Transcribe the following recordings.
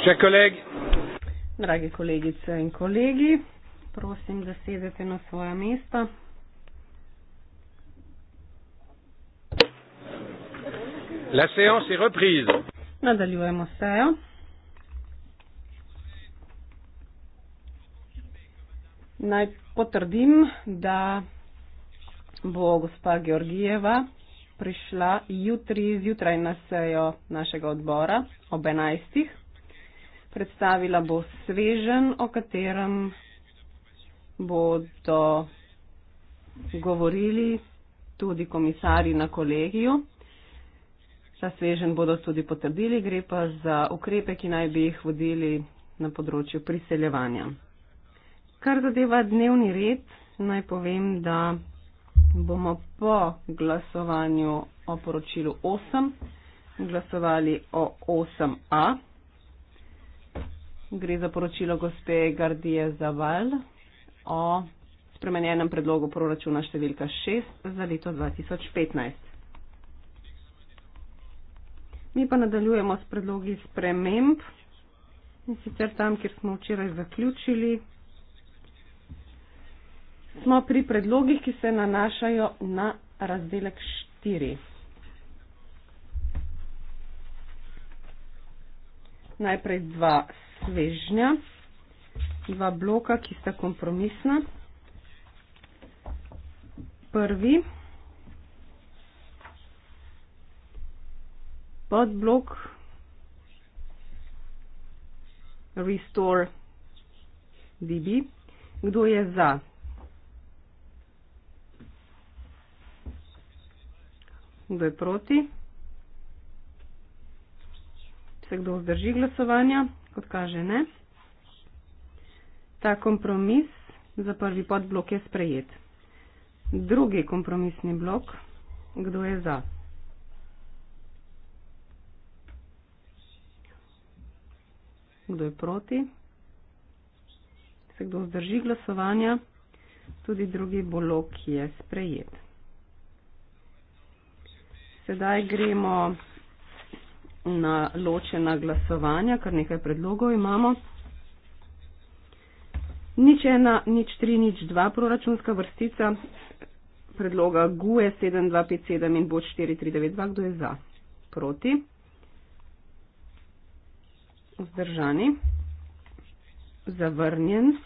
Še kolegi. Dragi kolegice in kolegi, prosim, da sedete na svoja mesta. La séance est reprise. Nadaljujemo sejo. Naj potrdim, da bo gospa Georgijeva prišla jutri zjutraj na sejo našega odbora ob 11. Predstavila bo svežen, o katerem bodo govorili tudi komisari na kolegiju. Ta svežen bodo tudi potrdili, gre pa za ukrepe, ki naj bi jih vodili na področju priseljevanja. Kar zadeva dnevni red, naj povem, da bomo po glasovanju o poročilu 8 glasovali o 8a Gre za poročilo gospe Gardije Zaval o spremenjenem predlogu proračuna številka 6 za leto 2015. Mi pa nadaljujemo s predlogi sprememb in sicer tam, kjer smo včeraj zaključili, smo pri predlogih, ki se nanašajo na razdelek 4. Najprej dva svežnja, dva bloka, ki sta kompromisna. Prvi podblok Restore DB. Kdo je za? Kdo je proti? Se kdo vzdrži glasovanja? kot kaže ne. Ta kompromis za prvi podblok je sprejet. Drugi kompromisni blok, kdo je za? Kdo je proti? Se kdo zdrži glasovanja? Tudi drugi blok je sprejet. Sedaj gremo na ločena glasovanja, kar nekaj predlogov imamo. Nič ena, nič tri, nič dva proračunska vrstica predloga GUE 7257 in BOČ 4392, kdo je za? Proti? Vzdržani? Zavrnjen?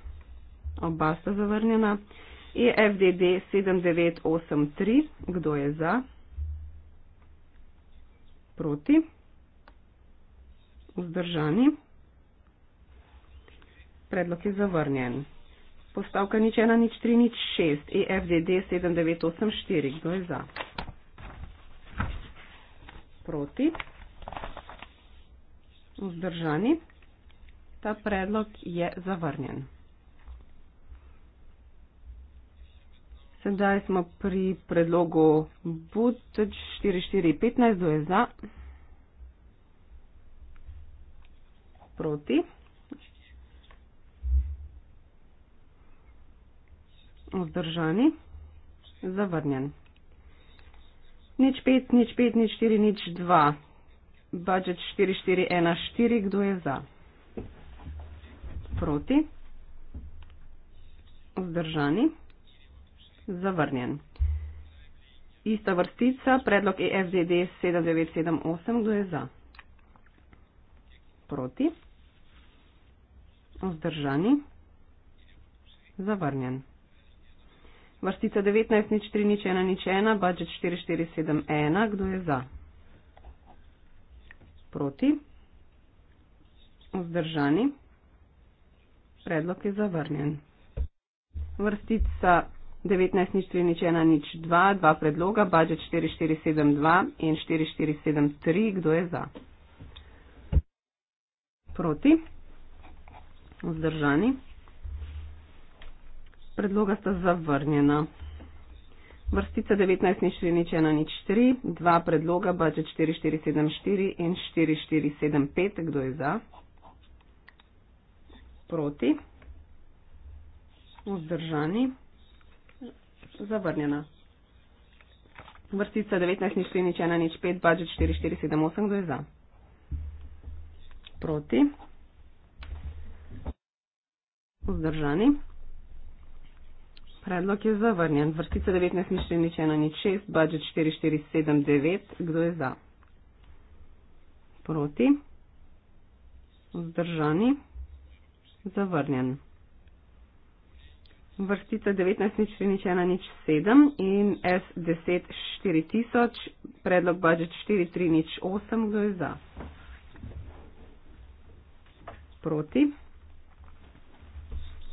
Oba sta zavrnjena. EFDD 7983, kdo je za? Proti? vzdržani. Predlog je zavrnjen. Postavka nič ena nič tri nič šest EFDD 7984. Kdo je za? Proti. Vzdržani. Ta predlog je zavrnjen. Sedaj smo pri predlogu BUT 4415. Kdo je za? proti. Vzdržani. Zavrnjen. Nič pet, nič pet, nič štiri, nič dva. Budget štiri, štiri, ena, štiri. Kdo je za? Proti. Vzdržani. Zavrnjen. Ista vrstica, predlog EFDD 7978, kdo je za? Proti. Vzdržani. Zavrnjen. Vrstica 19, nič 3, nič 1, nič 1, budžet 4, 4, 7, 1. Kdo je za? Proti. Vzdržani. Predlog je zavrnjen. Vrstica 19, nič 3, nič 1, nič 2, dva predloga, budžet 4, 4, 7, 2 in 4, 4, 7, 3. Kdo je za? Proti vzdržani. Predloga sta zavrnjena. Vrstica 19 nič 4 nič 1 nič 3, dva predloga, budžet 4474 in 4475, kdo je za? Proti. Vzdržani. Zavrnjena. Vrstica 19 nič 4 nič 1 nič 5, budžet 4478, kdo je za? Proti. Vzdržani. Predlog je zavrnjen. Vrstica 19, nič 1, nič 6, budžet 4479. Kdo je za? Proti. Vzdržani. Zavrnjen. Vrstica 19, nič 3, nič 1, nič 7 in S10, 4000, predlog budžet 4, 3, nič 8, kdo je za? Proti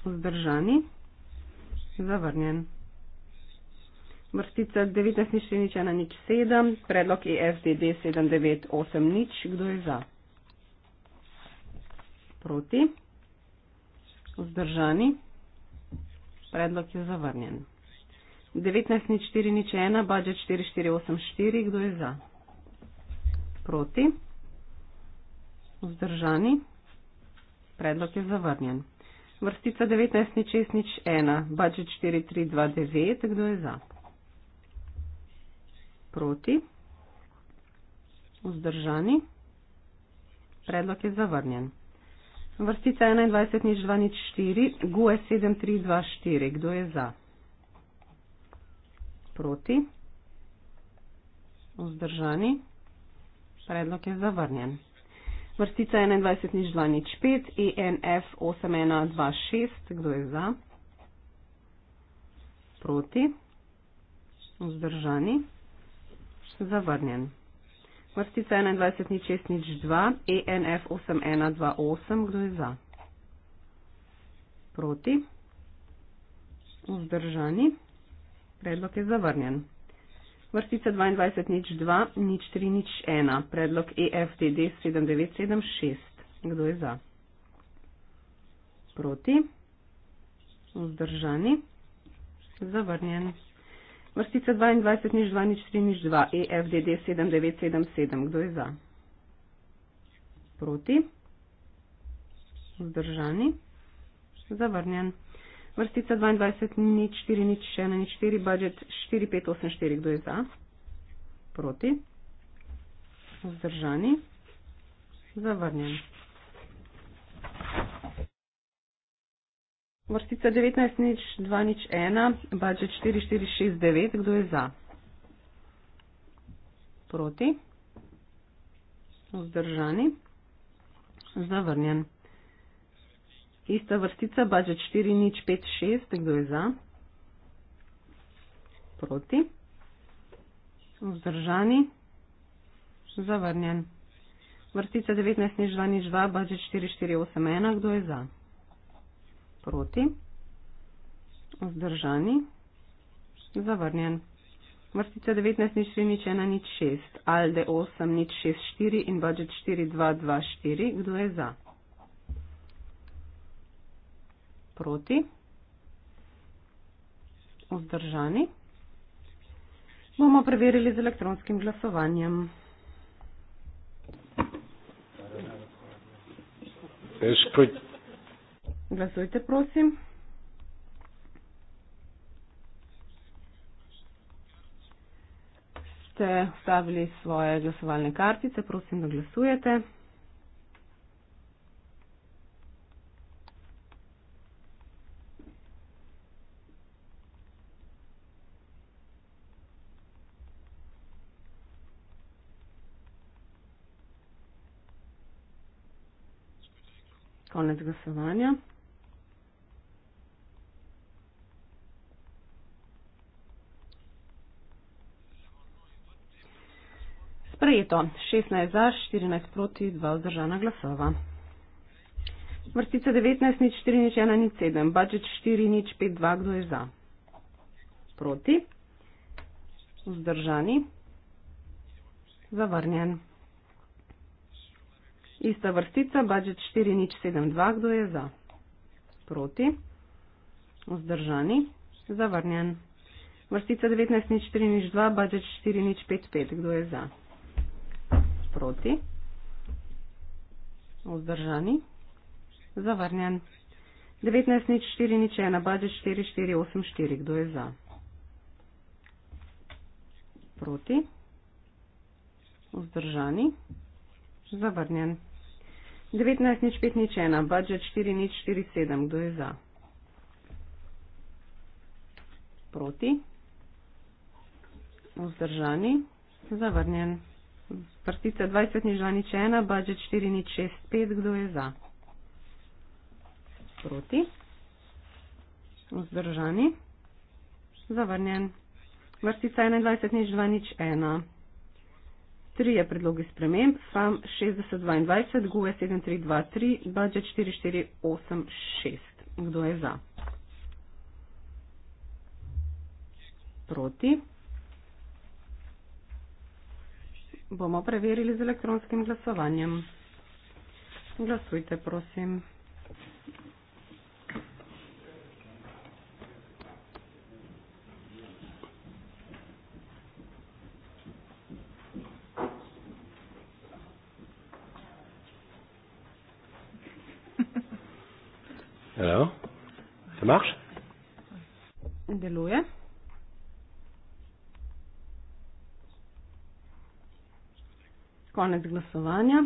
vzdržani, zavrnjen. Vrstica 19 nič 1 nič 7, predlog je SDD 798 nič, kdo je za? Proti, vzdržani, predlog je zavrnjen. 19 nič 4 nič 1, budžet 4484, kdo je za? Proti, vzdržani, predlog je zavrnjen vrstica 19 nič 6 nič 1, budget 4 3 2 9, kdo je za? Proti? Vzdržani? Predlog je zavrnjen. Vrstica 21 nič 2 nič 4, GUE 7 3 2 4, kdo je za? Proti? Vzdržani? Predlog je zavrnjen vrstica 21 nič 2 nič 5, ENF 8126, kdo je za? Proti, vzdržani, zavrnjen. Vrstica 21 nič 6 nič 2, ENF 8128, kdo je za? Proti, vzdržani, predlog je zavrnjen vrstica 22.02.03.01, predlog EFTD 7976. Kdo je za? Proti? Vzdržani? Zavrnjen. Vrstica 22.02.03.02, EFDD 7977. Kdo je za? Proti? Vzdržani? Zavrnjen vrstica 22, nič 4, nič 1, nič 4, budget 4, 5, 8, 4, kdo je za? Proti? Zdržani? Zavrnjen. Vrstica 19, nič 2, nič 1, budget 4, 4, 6, 9, kdo je za? Proti? Vzdržani? Zavrnjen. Ista vrstica, budget 4, nič 5, 6, kdo je za? Proti. Vzdržani. Zavrnjen. Vrstica 19, nič 2, nič 2, budget 4, 4, 8, 1, kdo je za? Proti. Vzdržani. Zavrnjen. Vrstica 19, nič 3, nič 1, nič 6, alde 8, nič 6, 4 in budget 4, 2, 2, 4, kdo je za? Proti. proti, vzdržani, bomo preverili z elektronskim glasovanjem. Glasujte, prosim. Ste vstavili svoje glasovalne kartice, prosim, da glasujete. konec glasovanja. Sprejeto 16 za, 14 proti, 2 vzdržana glasova. Vrstica 19, nič 4, nič 1, nič 7. Budget 4, nič 5, 2, kdo je za? Proti. Vzdržani. Zavrnjen. Ista vrstica, budget 4072, kdo je za? Proti. Vzdržani. Zavrnjen. Vrstica 19.0402, budget 4.055, kdo je za? Proti. Vzdržani. Zavrnjen. 19.0401, budget 4.484, kdo je za? Proti. Vzdržani. Zavrnjen. 19.0402. 19 nič 5 nič 1, budžet 4 nič 4 7, kdo je za? Proti? Vzdržani? Zavrnjen. Prtica 20 nič 2 nič 1, budžet 4 nič 6 5, kdo je za? Proti? Vzdržani? Zavrnjen. Vrstica 21 nič 2 nič 1 trije predlogi sprememb, SAM 6022, GUE 7323, budžet 4486. Kdo je za? Proti. Bomo preverili z elektronskim glasovanjem. Glasujte, prosim. Hello. Ça marche? Deluje. Konec glasovanja.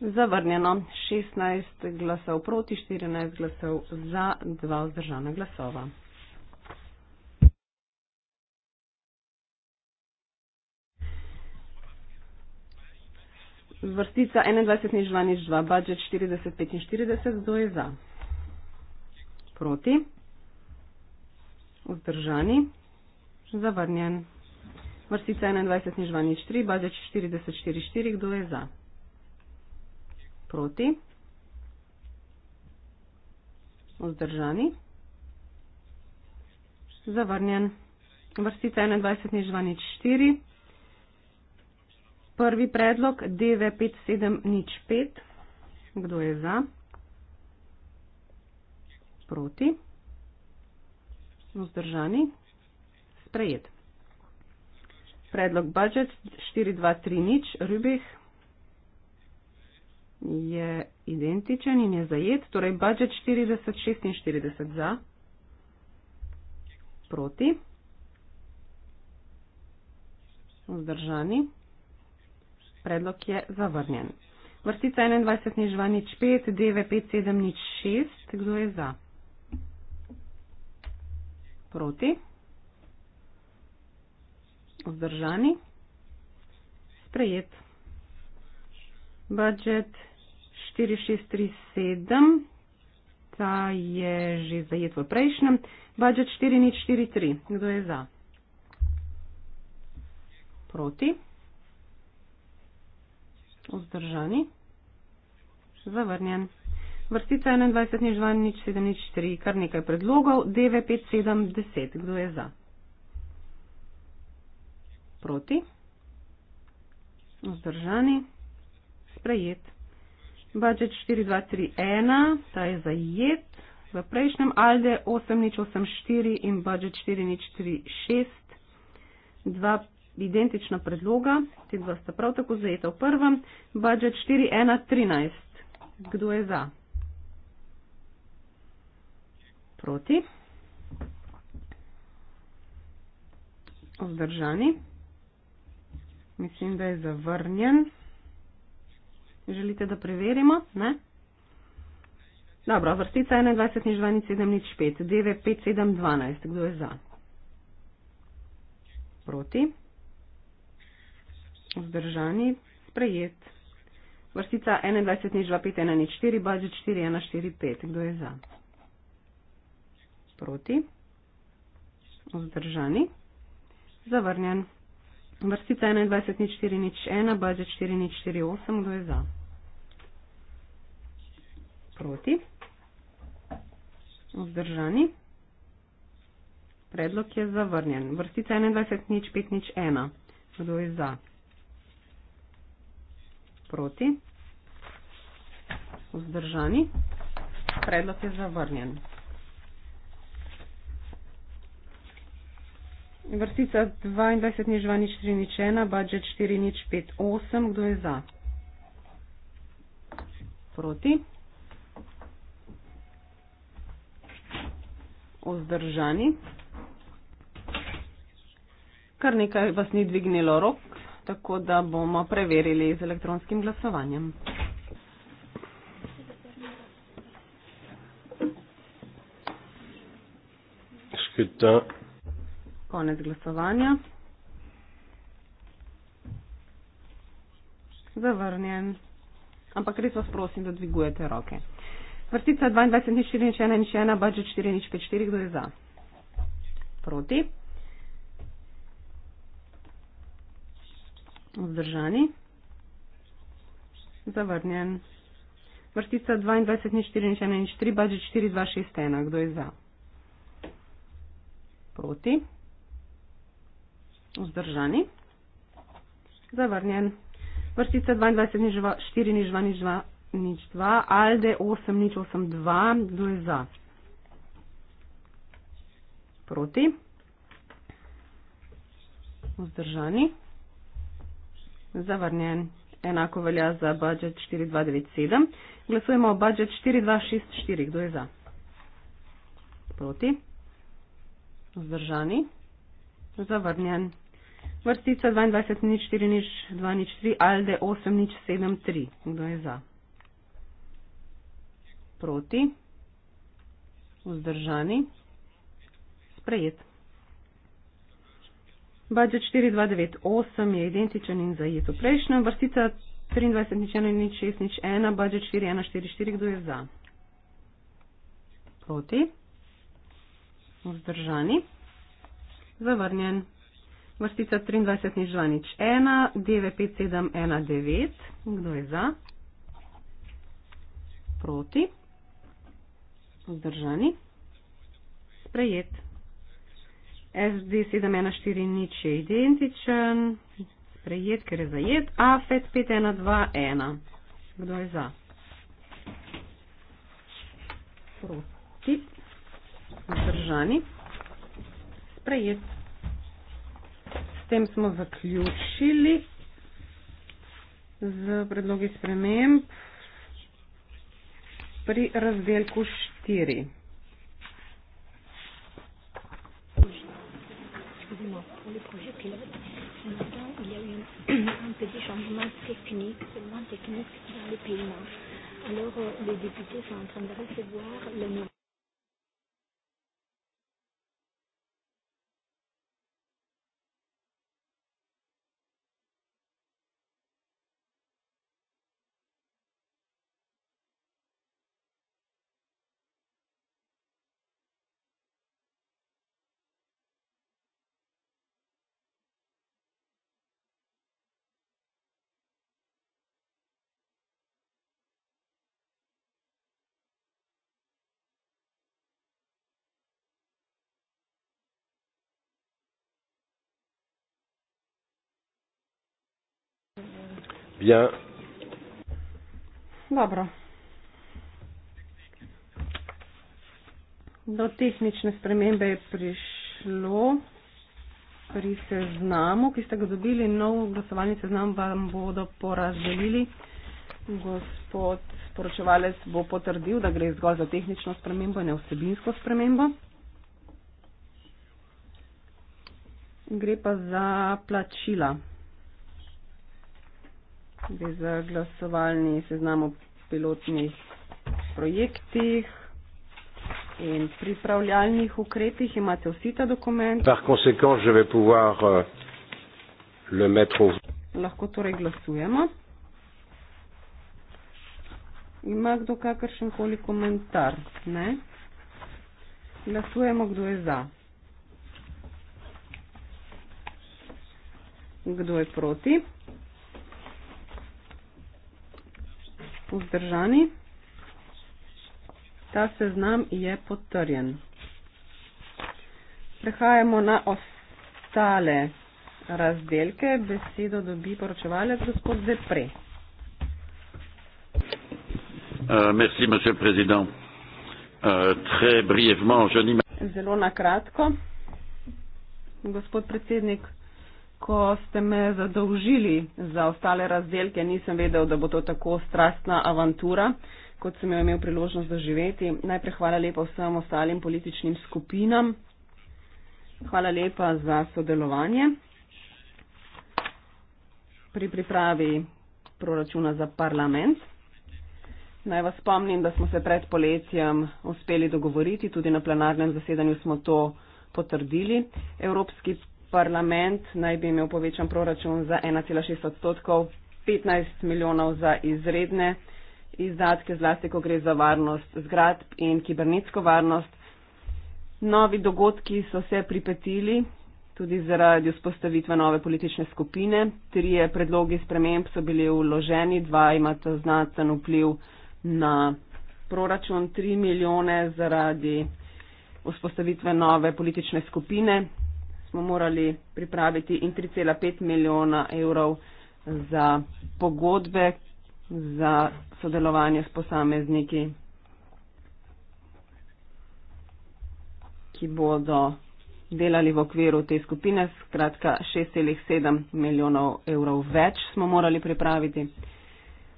Zavrnjeno. 16 glasov proti, 14 glasov za, 2 vzdržana glasova. Vrstica 21, nič 2, nič 2, budžet 40, 45, kdo je za? Proti? Vzdržani? Zavrnjen. Vrstica 21, nič 2, nič 3, budžet 40, 4, 4, kdo je za? Proti? Vzdržani? Zavrnjen. Vrstica 21, nič 2, nič 4. Prvi predlog DV5705. Kdo je za? Proti? Vzdržani? Sprejet. Predlog budžet 4230 Rübih je identičen in je zajet, torej budžet 4046 za, proti, vzdržani. Predlog je zavrnjen. Vrstica 21 nižva nič 5, 9, 5, 7 nič 6. Kdo je za? Proti? Vzdržani? Sprejet. Budget 4637, ta je že zajet v prejšnjem. Budget 4043, kdo je za? Proti? vzdržani. Zavrnjen. Vrstica 21, nič 2, nič 7, nič 3. Kar nekaj predlogov. 9, 5, 7, 10. Kdo je za? Proti. Vzdržani. Sprejet. Budget 4, 2, 3, 1. Ta je zajet. V prejšnjem Alde 8, nič 8, 4 in budget 4, nič 3, 6. 2, 5 identična predloga, ti dva sta prav tako zajeta v prvem, budžet 4113. Kdo je za? Proti? Ozdržani? Mislim, da je zavrnjen. Želite, da preverimo? Ne? Dobro, vrstica 21 nič 2 nič 7 nič 5. 9 5 7 12. Kdo je za? Proti? vzdržani, sprejet. Vrstica 21.05.104, baži 4.1.4.5. Kdo je za? Proti. Vzdržani. Zavrnjen. Vrstica 21.04.01, baži 4.04.8. Kdo je za? Proti. Vzdržani. Predlog je zavrnjen. Vrstica 21.05.01. Kdo je za? Proti proti, vzdržani. Predlog je zavrnjen. Vrstica 22 nič 2 nič 3 nič 1, budžet 4 nič 5 8, kdo je za? Proti. Ozdržani. Kar nekaj vas ni dvignilo rok, tako da bomo preverili z elektronskim glasovanjem. Škita. Konec glasovanja. Zavrnjen. Ampak res vas prosim, da dvigujete roke. Vrstica 22.4.1.1.4.5.4. Kdo je za? Proti. Vzdržani. Zavrnjen. Vrstica 22.04.1.3, budžet 4.2.6.1. Kdo je za? Proti. Vzdržani. Zavrnjen. Vrstica 22.04.2.2. Alde 8.08.2. Kdo je za? Proti. Vzdržani. Zavrnjen. Enako velja za budžet 4297. Glasujemo o budžet 4264. Kdo je za? Proti. Vzdržani. Zavrnjen. Vrstica 2204-203, Alde 8073. Kdo je za? Proti. Vzdržani. Sprejet. Budget 4298 je identičen in zajet v prejšnjem. Vrstica 23.0.0.6.0.1, budget 4.1.4.4, kdo je za? Proti. Vzdržani. Zavrnjen. Vrstica 23.0.2.1, DV5.7.1.9, kdo je za? Proti. Vzdržani. Sprejet. SD7140 je identičen, sprejet, ker je zajet, AFET 5121. Kdo je za? Proti. Zdržani. Sprejet. S tem smo zaključili z predlogi sprememb pri razdelku 4. pour le projet pilote. Et maintenant, il y a eu un, un petit changement technique, seulement technique, dans le paiement. Alors, euh, les députés sont en train de recevoir le nom. Bien. Dobro. Do tehnične spremembe je prišlo pri seznamu, ki ste ga dobili. Nov glasovalni seznam vam bodo porazdelili. Gospod sporočevalec bo potrdil, da gre zgolj za tehnično spremembo in ne vsebinsko spremembo. Gre pa za plačila bi za glasovalni seznam o pilotnih projektih in pripravljalnih ukrepih. Imate vsi ta dokument? Par conséquent, je vais pouvoir euh, le mettre au... Lahko torej glasujemo. Ima kdo kakršen koli komentar? Ne? Glasujemo, kdo je za. Kdo je proti? vzdržani. Ta seznam je potrjen. Prehajamo na ostale razdelke. Besedo dobi poročevalec gospod Depre. Euh, euh, Zelo na kratko. Gospod predsednik, ko ste me zadolžili za ostale razdelke, nisem vedel, da bo to tako strastna avantura, kot sem jo imel priložnost doživeti. Najprej hvala lepa vsem ostalim političnim skupinam. Hvala lepa za sodelovanje pri pripravi proračuna za parlament. Naj vas spomnim, da smo se pred poletjem uspeli dogovoriti, tudi na plenarnem zasedanju smo to potrdili. Evropski parlament naj bi imel povečan proračun za 1,6 odstotkov, 15 milijonov za izredne izdatke, zlasti ko gre za varnost zgradb in kibernetsko varnost. Novi dogodki so se pripetili tudi zaradi vzpostavitve nove politične skupine. Trije predlogi sprememb so bili vloženi, dva imata znaten vpliv na proračun, 3 milijone zaradi vzpostavitve nove politične skupine, smo morali pripraviti in 3,5 milijona evrov za pogodbe za sodelovanje s posamezniki, ki bodo delali v okviru te skupine. Skratka, 6,7 milijonov evrov več smo morali pripraviti.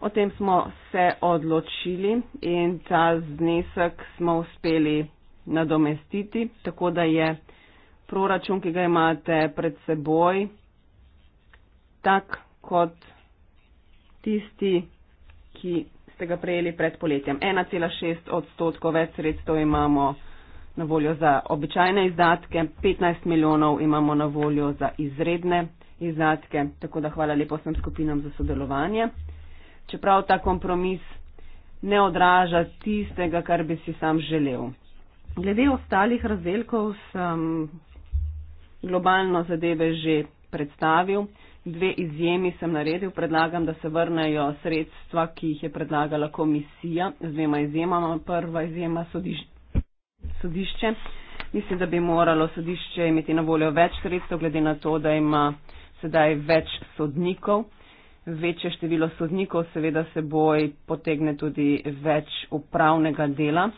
O tem smo se odločili in ta znesek smo uspeli nadomestiti, tako da je proračun, ki ga imate pred seboj, tak kot tisti, ki ste ga prejeli pred poletjem. 1,6 odstotkov več sredstev imamo na voljo za običajne izdatke, 15 milijonov imamo na voljo za izredne izdatke, tako da hvala lepo vsem skupinam za sodelovanje. Čeprav ta kompromis ne odraža tistega, kar bi si sam želel. Glede ostalih razdelkov sem globalno zadeve že predstavil. Dve izjemi sem naredil, predlagam, da se vrnejo sredstva, ki jih je predlagala komisija z dvema izjemama. Prva izjema sodiš sodišče. Mislim, da bi moralo sodišče imeti na voljo več sredstev, glede na to, da ima sedaj več sodnikov. Večje število sodnikov seveda seboj potegne tudi več upravnega dela.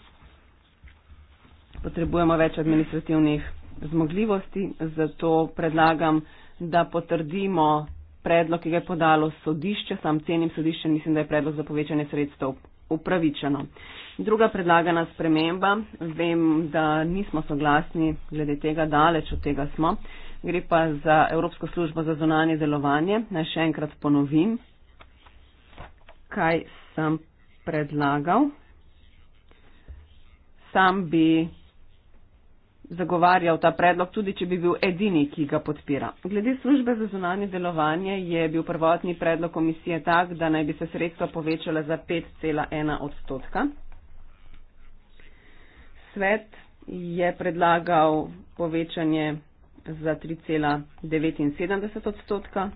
Potrebujemo več administrativnih zmogljivosti, zato predlagam, da potrdimo predlog, ki ga je podalo sodišče, sam cenim sodišče, mislim, da je predlog za povečanje sredstev upravičeno. Druga predlagana sprememba, vem, da nismo soglasni glede tega, daleč od tega smo, gre pa za Evropsko službo za zonanje delovanje. Naj še enkrat ponovim, kaj sem predlagal. Sam bi zagovarjal ta predlog, tudi če bi bil edini, ki ga podpira. Glede službe za zunanje delovanje je bil prvotni predlog komisije tak, da naj bi se sredstva povečala za 5,1 odstotka. Svet je predlagal povečanje za 3,79 odstotka.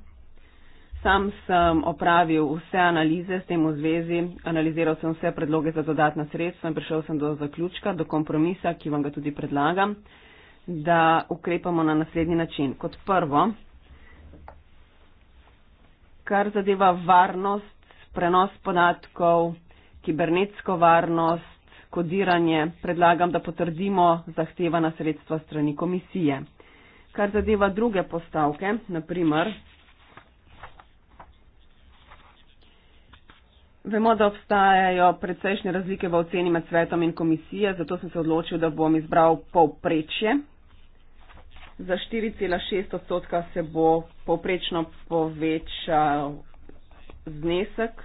Sam sem opravil vse analize s tem v zvezi, analiziral sem vse predloge za dodatna sredstva in prišel sem do zaključka, do kompromisa, ki vam ga tudi predlagam, da ukrepamo na naslednji način. Kot prvo, kar zadeva varnost, prenos podatkov, kibernetsko varnost, kodiranje, predlagam, da potrdimo zahtevana sredstva strani komisije. Kar zadeva druge postavke, naprimer, Vemo, da obstajajo precejšnje razlike v oceni med svetom in komisijo, zato sem se odločil, da bom izbral povprečje. Za 4,6 odstotka se bo povprečno povečal znesek.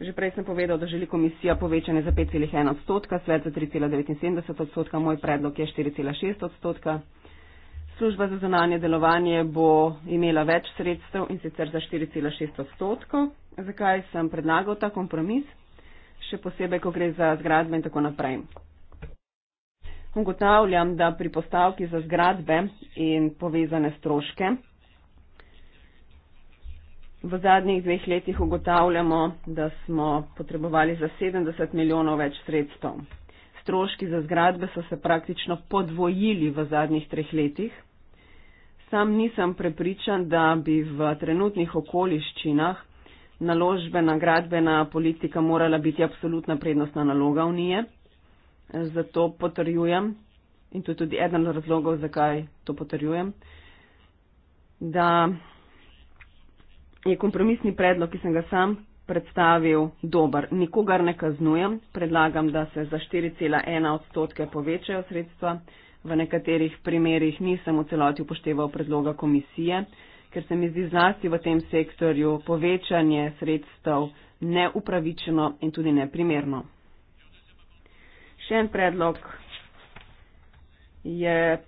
Že prej sem povedal, da želi komisija povečanje za 5,1 odstotka, svet za 3,79 odstotka, moj predlog je 4,6 odstotka služba za zunanje delovanje bo imela več sredstev in sicer za 4,6 odstotkov. Zakaj sem predlagal ta kompromis? Še posebej, ko gre za zgradbe in tako naprej. Ugotavljam, da pri postavki za zgradbe in povezane stroške v zadnjih dveh letih ugotavljamo, da smo potrebovali za 70 milijonov več sredstev. Stroški za zgradbe so se praktično podvojili v zadnjih treh letih. Sam nisem prepričan, da bi v trenutnih okoliščinah naložbena, gradbena politika morala biti absolutna prednostna naloga Unije. Zato potrjujem, in to je tudi eden od razlogov, zakaj to potrjujem, da je kompromisni predlog, ki sem ga sam predstavil, dober. Nikogar ne kaznujem, predlagam, da se za 4,1 odstotke povečajo sredstva v nekaterih primerjih nisem v celoti upošteval predloga komisije, ker se mi zdi zlasti v tem sektorju povečanje sredstev neupravičeno in tudi neprimerno. Še en predlog je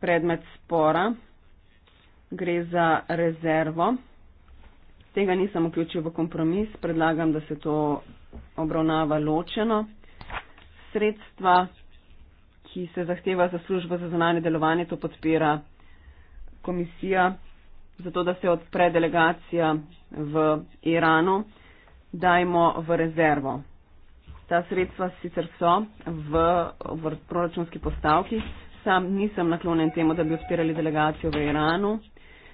predmet spora, gre za rezervo. Tega nisem vključil v kompromis, predlagam, da se to obravnava ločeno. Sredstva ki se zahteva za službo za zunanje delovanje, to podpira komisija, zato da se odpre delegacija v Iranu, dajmo v rezervo. Ta sredstva sicer so v, v proračunski postavki, sam nisem naklonjen temu, da bi odpirali delegacijo v Iranu.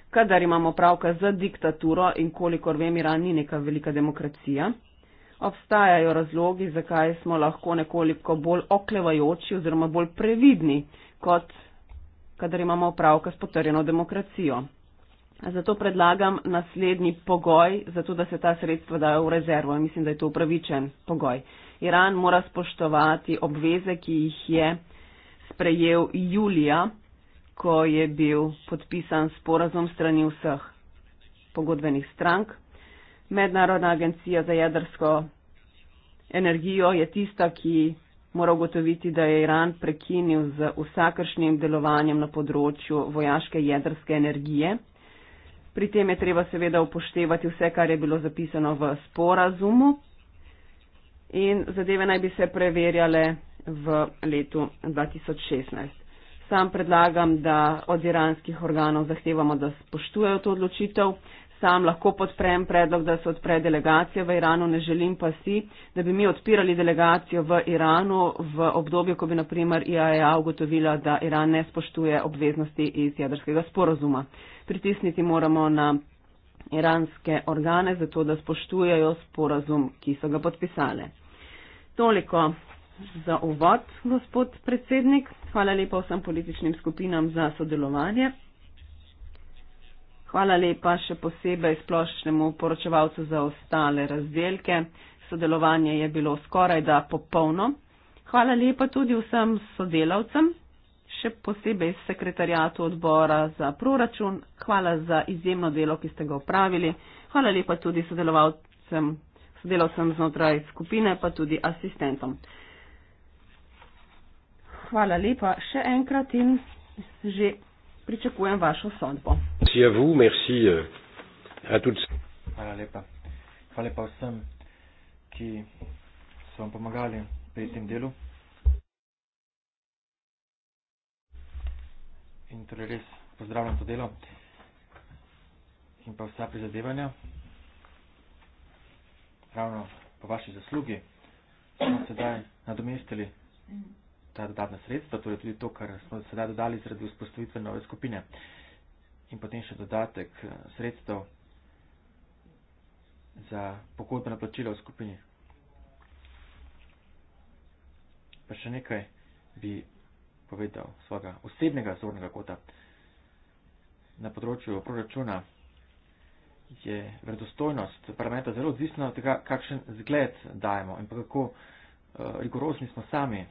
Kadar imamo pravka z diktaturo in kolikor vem, Iran ni neka velika demokracija obstajajo razlogi, zakaj smo lahko nekoliko bolj oklevajoči oziroma bolj previdni, kot kadar imamo opravka s potrjeno demokracijo. Zato predlagam naslednji pogoj, zato da se ta sredstva dajo v rezervo. Mislim, da je to upravičen pogoj. Iran mora spoštovati obveze, ki jih je sprejel julija, ko je bil podpisan sporazum strani vseh pogodbenih strank. Mednarodna agencija za jedrsko energijo je tista, ki mora ugotoviti, da je Iran prekinil z vsakršnim delovanjem na področju vojaške jedrske energije. Pri tem je treba seveda upoštevati vse, kar je bilo zapisano v sporazumu in zadeve naj bi se preverjale v letu 2016. Sam predlagam, da od iranskih organov zahtevamo, da spoštujejo to odločitev sam lahko podprem predlog, da se odpre delegacija v Iranu, ne želim pa si, da bi mi odpirali delegacijo v Iranu v obdobju, ko bi naprimer IAEA e ugotovila, da Iran ne spoštuje obveznosti iz jedrskega sporozuma. Pritisniti moramo na iranske organe, zato da spoštujejo sporozum, ki so ga podpisale. Toliko za uvod, gospod predsednik. Hvala lepa vsem političnim skupinam za sodelovanje. Hvala lepa še posebej splošnemu poročevalcu za ostale razdelke. Sodelovanje je bilo skoraj da popolno. Hvala lepa tudi vsem sodelavcem, še posebej sekretarjatu odbora za proračun. Hvala za izjemno delo, ki ste ga upravili. Hvala lepa tudi sodelovalcem, sodelavcem znotraj skupine, pa tudi asistentom. Hvala lepa še enkrat in že pričakujem vašo sodbo. Euh, Hvala lepa. Hvala lepa vsem, ki so vam pomagali pri tem delu. In torej res pozdravljam to delo in pa vsa prizadevanja. Ravno po vaši zaslugi smo sedaj nadomestili. Mm ta dodatna sredstva, torej tudi to, kar smo sedaj dodali zaradi vzpostavitve nove skupine. In potem še dodatek eh, sredstev za pogodbe na plačilo v skupini. Pa še nekaj bi povedal svojega osebnega zornega kota. Na področju proračuna je vredostojnost parlamenta zelo odvisna od tega, kakšen zgled dajemo in pa kako uh, rigorozni smo sami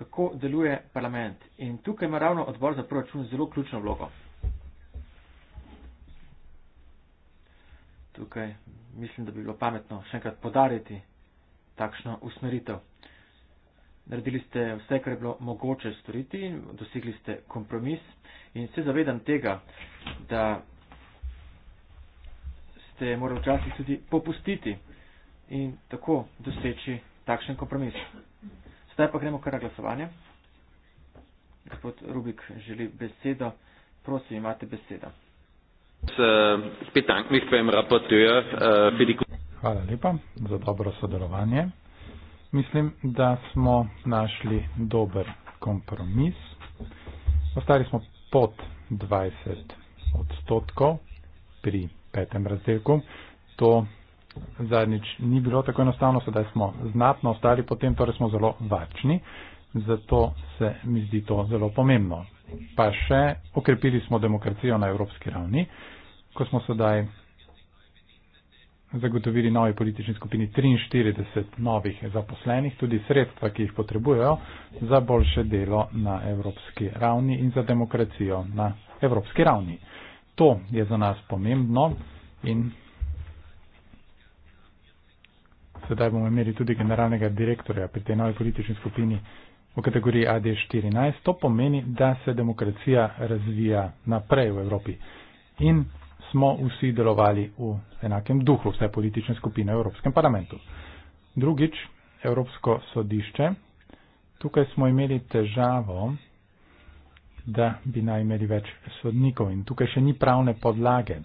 kako deluje parlament. In tukaj ima ravno odbor za proračun zelo ključno vlogo. Tukaj mislim, da bi bilo pametno še enkrat podariti takšno usmeritev. Naredili ste vse, kar je bilo mogoče storiti, dosegli ste kompromis in se zavedam tega, da ste morali včasih tudi popustiti in tako doseči takšen kompromis. Zdaj pa gremo kar na glasovanje. Gospod Rubik želi besedo. Prosim, imate besedo. Eh, Hvala lepa za dobro sodelovanje. Mislim, da smo našli dober kompromis. Ostali smo pod 20 odstotkov pri petem razdelku. To zadnjič ni bilo tako enostavno, sedaj smo znatno ostali potem, torej smo zelo vačni, zato se mi zdi to zelo pomembno. Pa še okrepili smo demokracijo na evropski ravni, ko smo sedaj zagotovili novi politični skupini 43 novih zaposlenih, tudi sredstva, ki jih potrebujejo za boljše delo na evropski ravni in za demokracijo na evropski ravni. To je za nas pomembno in sedaj bomo imeli tudi generalnega direktorja pri tej novi politični skupini v kategoriji AD14. To pomeni, da se demokracija razvija naprej v Evropi. In smo vsi delovali v enakem duhu, vse politične skupine v Evropskem parlamentu. Drugič, Evropsko sodišče. Tukaj smo imeli težavo, da bi naj imeli več sodnikov in tukaj še ni pravne podlage.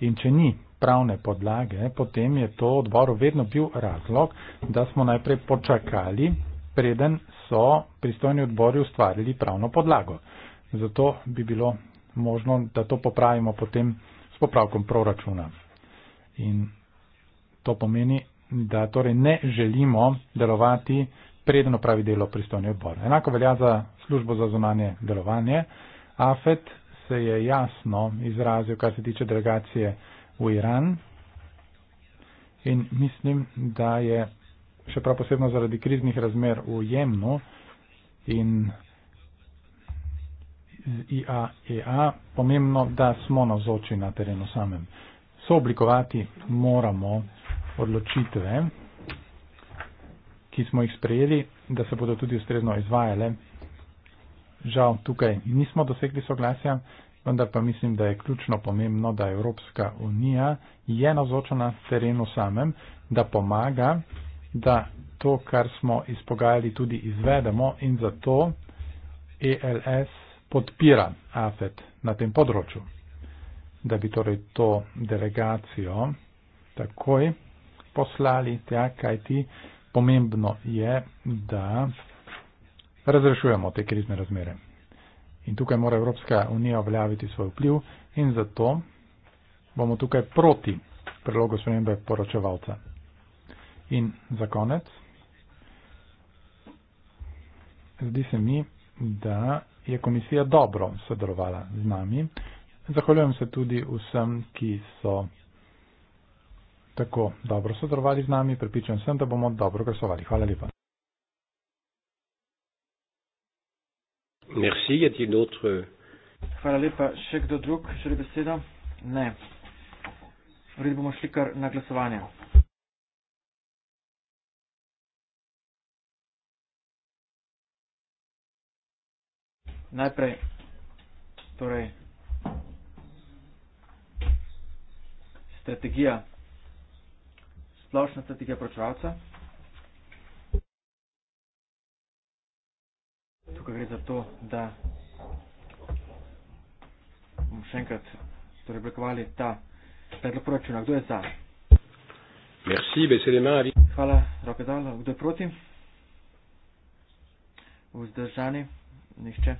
In če ni pravne podlage, potem je to odboru vedno bil razlog, da smo najprej počakali, preden so pristojni odbori ustvarili pravno podlago. Zato bi bilo možno, da to popravimo potem s popravkom proračuna. In to pomeni, da torej ne želimo delovati preden opravi delo pristojni odbor. Enako velja za službo za zunanje delovanje. AFET se je jasno izrazil, kar se tiče delegacije v Iran in mislim, da je še prav posebno zaradi kriznih razmer v Jemnu in z IAEA e pomembno, da smo navzoči na terenu samem. Sooblikovati moramo odločitve, ki smo jih sprejeli, da se bodo tudi ustrezno izvajale. Žal, tukaj nismo dosegli soglasja, vendar pa mislim, da je ključno pomembno, da Evropska unija je nazočena v terenu samem, da pomaga, da to, kar smo izpogajali, tudi izvedemo in zato ELS podpira AFET na tem področju, da bi torej to delegacijo takoj poslali tja, kaj ti pomembno je, da razrešujemo te krizne razmere. In tukaj mora Evropska unija objaviti svoj vpliv in zato bomo tukaj proti prelogu spremembe poročevalca. In za konec, zdi se mi, da je komisija dobro sodelovala z nami. Zahvaljujem se tudi vsem, ki so tako dobro sodelovali z nami. Pripričan sem, da bomo dobro glasovali. Hvala lepa. Merci. Y a-t-il d'autres Hvala lepa. Še kdo drug želi besedo? Ne. Vredi bomo šli kar na glasovanje. Najprej, torej, strategija, splošna strategija pročevalca. tukaj gre za to, da bomo še enkrat torej oblikovali ta predlog proračuna. Kdo je za? Merci, Hvala, roke dal. Kdo je proti? Vzdržani? Nihče.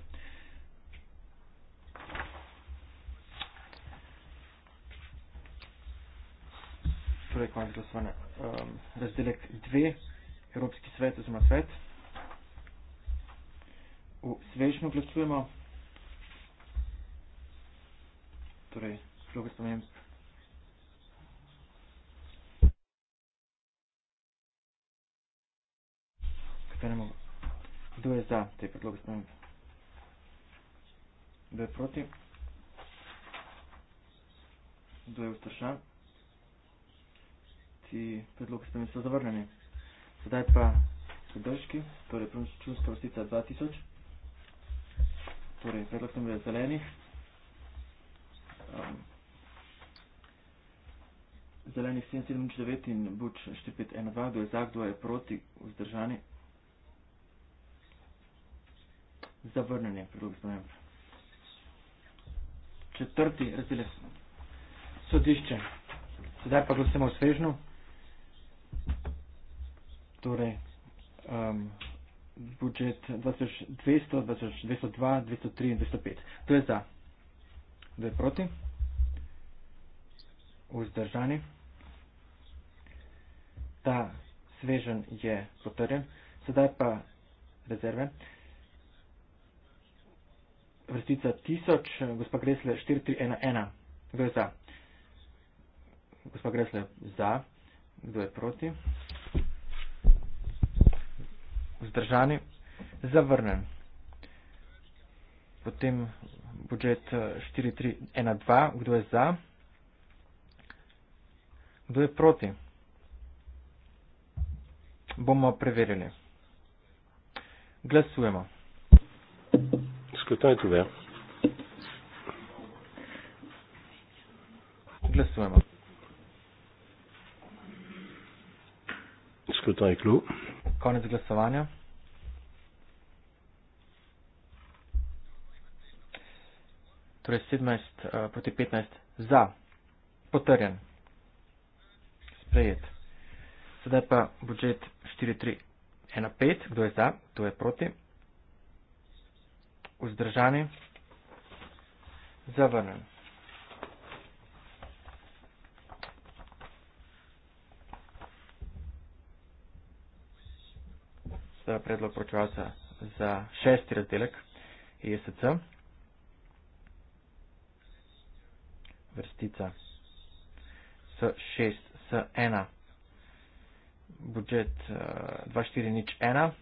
Torej, konec glasovanja. Um, razdelek 2, Evropski svet oziroma svet v svežnju glasujemo. Torej, sloga spomenem. Katerimo, kdo je za te predloge spomenem? Kdo je proti? Kdo je ustršan? Ti predloge spomenem so zavrneni. Sedaj pa predržki, torej prvnoščunska vrstica 2000 torej predlog sem bil zeleni. Um, zeleni 779 in buč 4512, kdo je za, kdo je proti, vzdržani. Zavrnjenje predlog sprememb. Četrti razdelek sodišče. Sedaj pa glasujemo o svežnu. Torej, um, budžet 2200, 2202, 203 in 205. To je za. To je proti. Vzdržani. Ta svežen je potrjen. Sedaj pa rezerve. Vrstica 1000, gospa Gresle 4311. Kdo je za? Gospa Gresle za. Kdo je proti? vzdržani, zavrnen. Potem budžet 4312, eh, kdo je za, kdo je proti. Bomo preverili. Glasujemo. Skrtajte ve. Glasujemo. Skrtaj klub konec glasovanja. Torej 17 uh, eh, proti 15 za, potrjen, sprejet. Sedaj pa budžet 4315, kdo je za, kdo je proti, vzdržani, zavrnen. predlog pročevalca za šesti razdelek ESC. Vrstica S6, S1, budžet 2401 eh,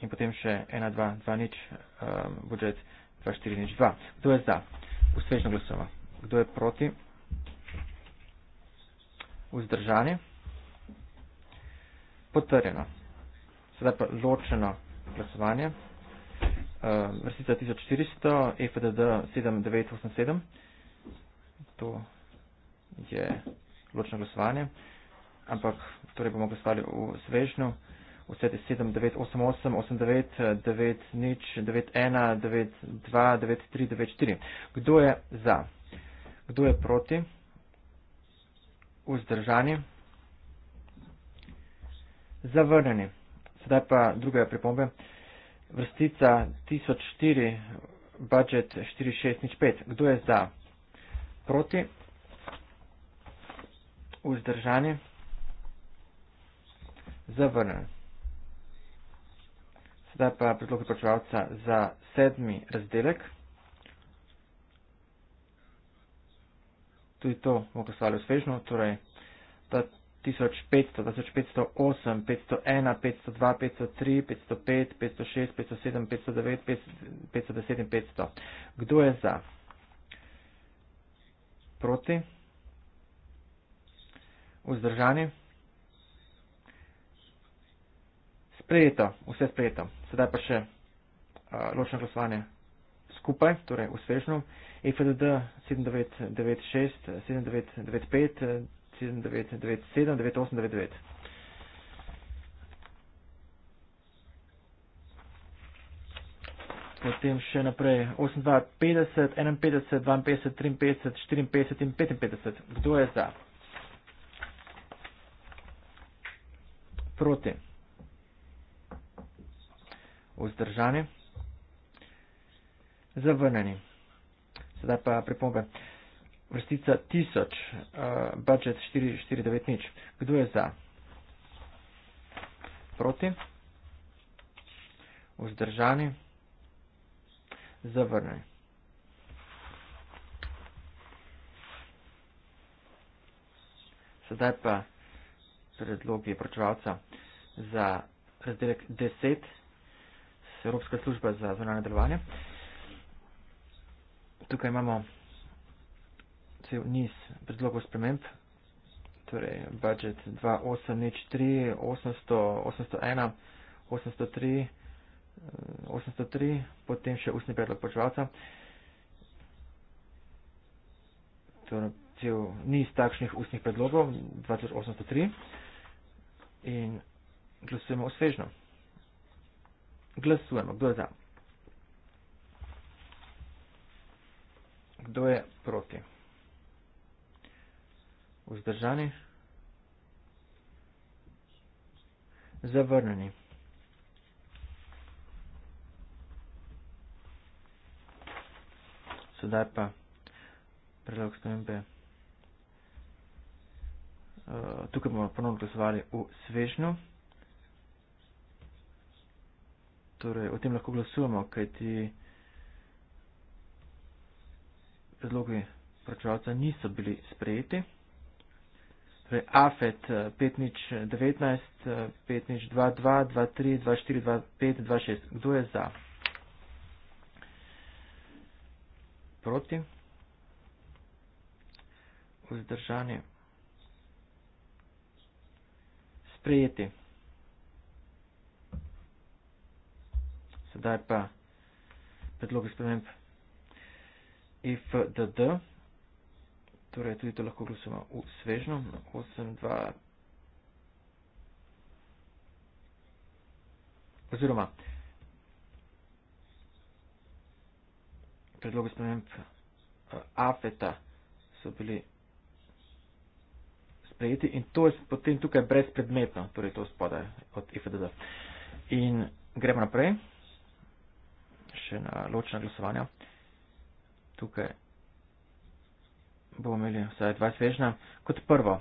in potem še 1220, eh, budžet 2402. Kdo je za? Uspešno glasova. Kdo je proti? Vzdržani. Potrjeno sedaj pa ločeno glasovanje. Uh, vrstica 1400, EFDD 7987. To je ločeno glasovanje. Ampak torej bomo glasovali v svežnju. Vse te 7988, 89, 9, 9, 9, 1, 9, 2, 9, 3, 9, 4. Kdo je za? Kdo je proti? Vzdržani? Zavrnjeni. Sedaj pa druga pripombe. Vrstica 1004, budžet 4605. Kdo je za? Proti? Vzdržanje? Zavrnjen. Sedaj pa predlog odločevalca za sedmi razdelek. Tudi to bomo poslali uspešno, torej da 1500, 1508, 501, 502, 503, 505, 506, 507, 509, 510 in 500. Kdo je za? Proti? Vzdržani? Sprejeto, vse sprejeto. Sedaj pa še uh, ločno glasovanje skupaj, torej uspešno. EFDD 7996, 7995. Potem še naprej 8250, 51, 52, 53, 54 in 55. Kdo je za? Proti. Vzdržani. Zavrnjeni. Sedaj pa pripombe vrstica 1000, uh, eh, budžet 4490. Kdo je za? Proti? Vzdržani? Zavrnjeni? Sedaj pa predlogi pročevalca za razdelek 10, Evropska služba za zvonanje delovanje. Tukaj imamo cel niz predlogov sprememb, torej budžet 2803, 801, 803, 803, potem še ustni predlog počevalca. Torej cel niz takšnih ustnih predlogov, 2803, in glasujemo osvežno. Glasujemo, kdo je za? Kdo je proti? vzdržani, zavrnjeni. Sedaj pa predlog spremembe. Eh, tukaj bomo ponovno glasovali v svežnju. Torej, o tem lahko glasujemo, kaj ti predlogi pračevalca niso bili sprejeti. Torej, AFET 5.19, 5.22, 2.3, 2.4, Kdo je za? Proti? Vzdržanje? Sprejeti? Sedaj pa predlogi sprememb IFDD torej tudi to lahko glasujemo v svežno, 8, 2, oziroma predlogu sprememb eh, AFETA so bili sprejeti in to je potem tukaj brezpredmetno, torej to spodaj od IFDD. In gremo naprej, še na ločna glasovanja. Tukaj bomo imeli vsaj dva svežna. Kot prvo,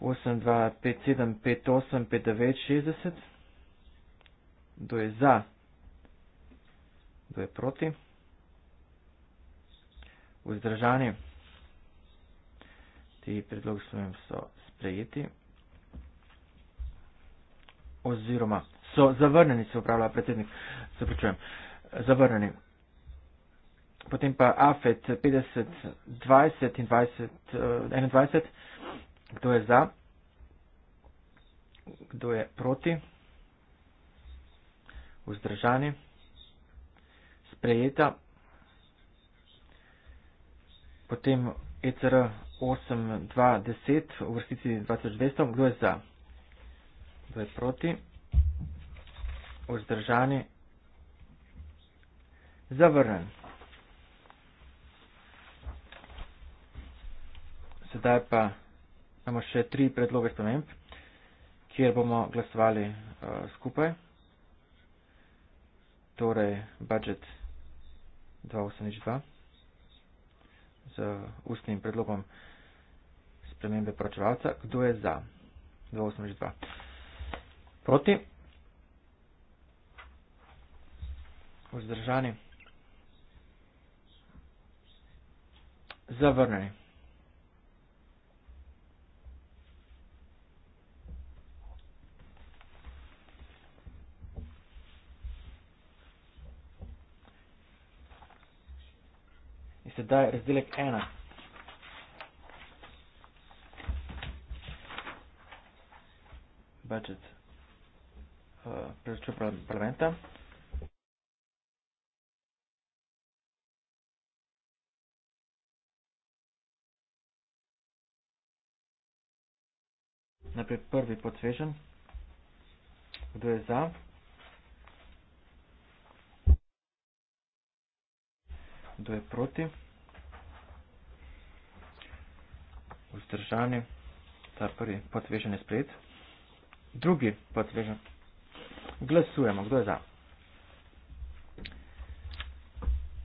8257585960, kdo je za, kdo je proti, vzdržani, ti predlogi svojim so sprejeti oziroma so zavrnjeni, se upravlja predsednik, se pričujem, zavrnjeni potem pa AFET 50, 20 in 20, uh, 21. Kdo je za? Kdo je proti? Vzdržani? Sprejeta? Potem ECR 8, 2, 10 v vrstici 2200. Kdo je za? Kdo je proti? Vzdržani? Zavrnen. Sedaj pa imamo še tri predloge sprememb, kjer bomo glasovali uh, skupaj. Torej, budžet 282 z ustnim predlogom spremembe poročevalca. Kdo je za 282? Proti? Vzdržani? Zavrnjeni? sedaj razdelek ena. Budget uh, eh, preračun parlamenta. Najprej prvi podsvežen. Kdo je za? Kdo je proti? vzdržani, ta prvi podvežen je sprejet. Drugi podvežen. Glasujemo, kdo je za?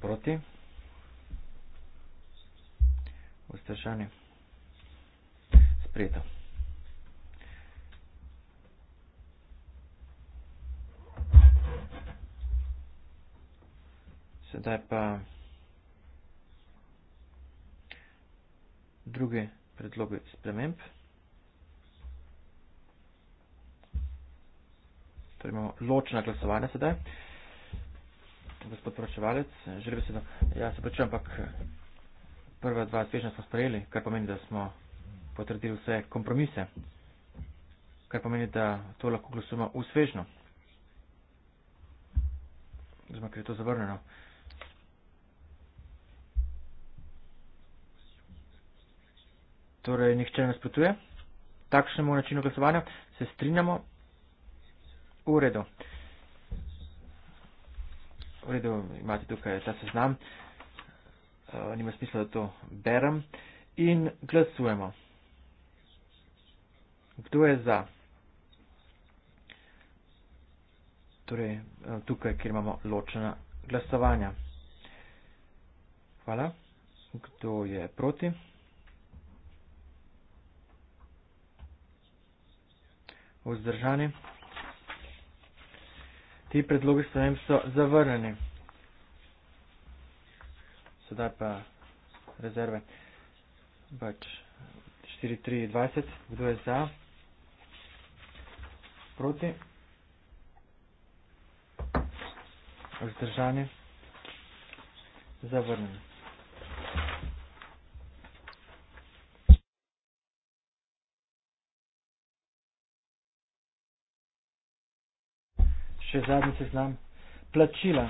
Proti. Vzdržani. Sprejeto. Sedaj pa drugi predloge sprememb. Torej imamo ločena glasovanja sedaj. Gospod poročevalec, želim se, da ja, se počujem, ampak prva dva svežna smo sprejeli, kar pomeni, da smo potrdili vse kompromise, kar pomeni, da to lahko glasujemo v svežno. Zdaj, ker je to zavrneno. torej nihče ne nasprotuje takšnemu načinu glasovanja, se strinjamo. V redu. V redu, imate tukaj ta seznam. Uh, nima smisla, da to berem. In glasujemo. Kdo je za? Torej, eh, tukaj, kjer imamo ločena glasovanja. Hvala. Kdo je proti? vzdržani. Ti predlogi spremem so zavrnjeni. Sedaj pa rezerve. Bač 4.3.20, kdo je za? Proti? Vzdržani? Zavrnjeni. še zadnji seznam. Plačila.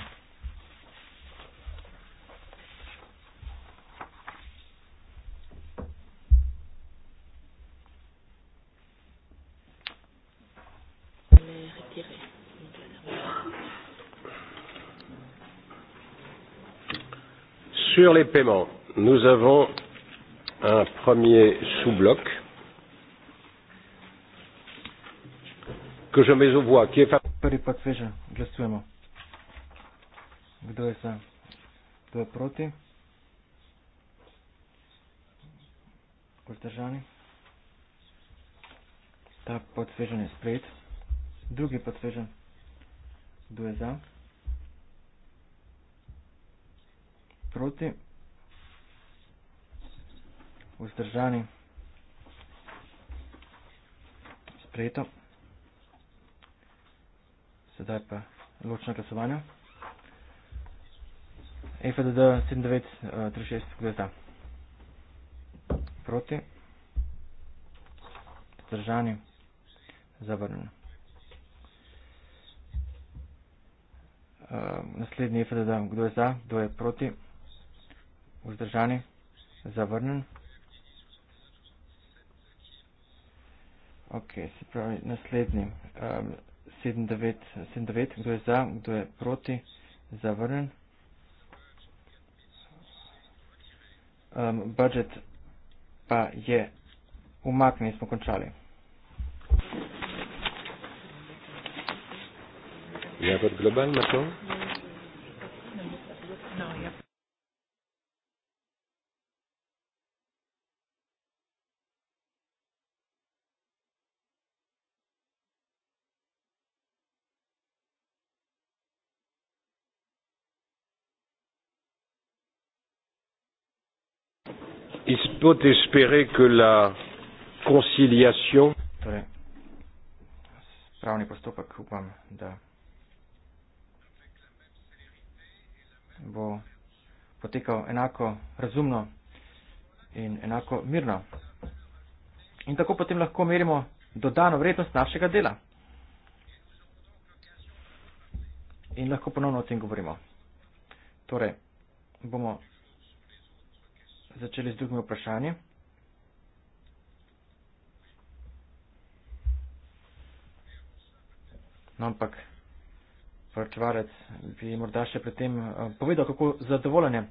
Sur les paiements, nous avons un premier sous-bloc que je mets au voix qui est prvi pad sveže. Glasujemo. Kdo je za? Kdo je proti? Vzdržani. Ta podsvežen je sprejet. Drugi podsvežen. Kdo je za? Proti. Vzdržani. Sprejeto. Sedaj pa ločno glasovanje. FDD 7936 eh, Proti. Zdržani. Zavrnjeno. Uh, naslednji je FDD, kdo je za, kdo je proti, vzdržani, zavrnen. Ok, se pravi, naslednji, ehm, 79, kdo je za, kdo je proti, zavrnen. Um, budget pa je umaknjen, smo končali. Je pa globalno to? Ja. Il faut espérer que la conciliation. Torej, pravni postopek, upam, da bo potekal enako razumno in enako mirno. In tako potem lahko merimo dodano vrednost našega dela. In lahko ponovno o tem govorimo. Torej, bomo začeli z drugim vprašanjem. No, ampak vrčevarec bi morda še predtem eh, povedal, kako zadovoljen je.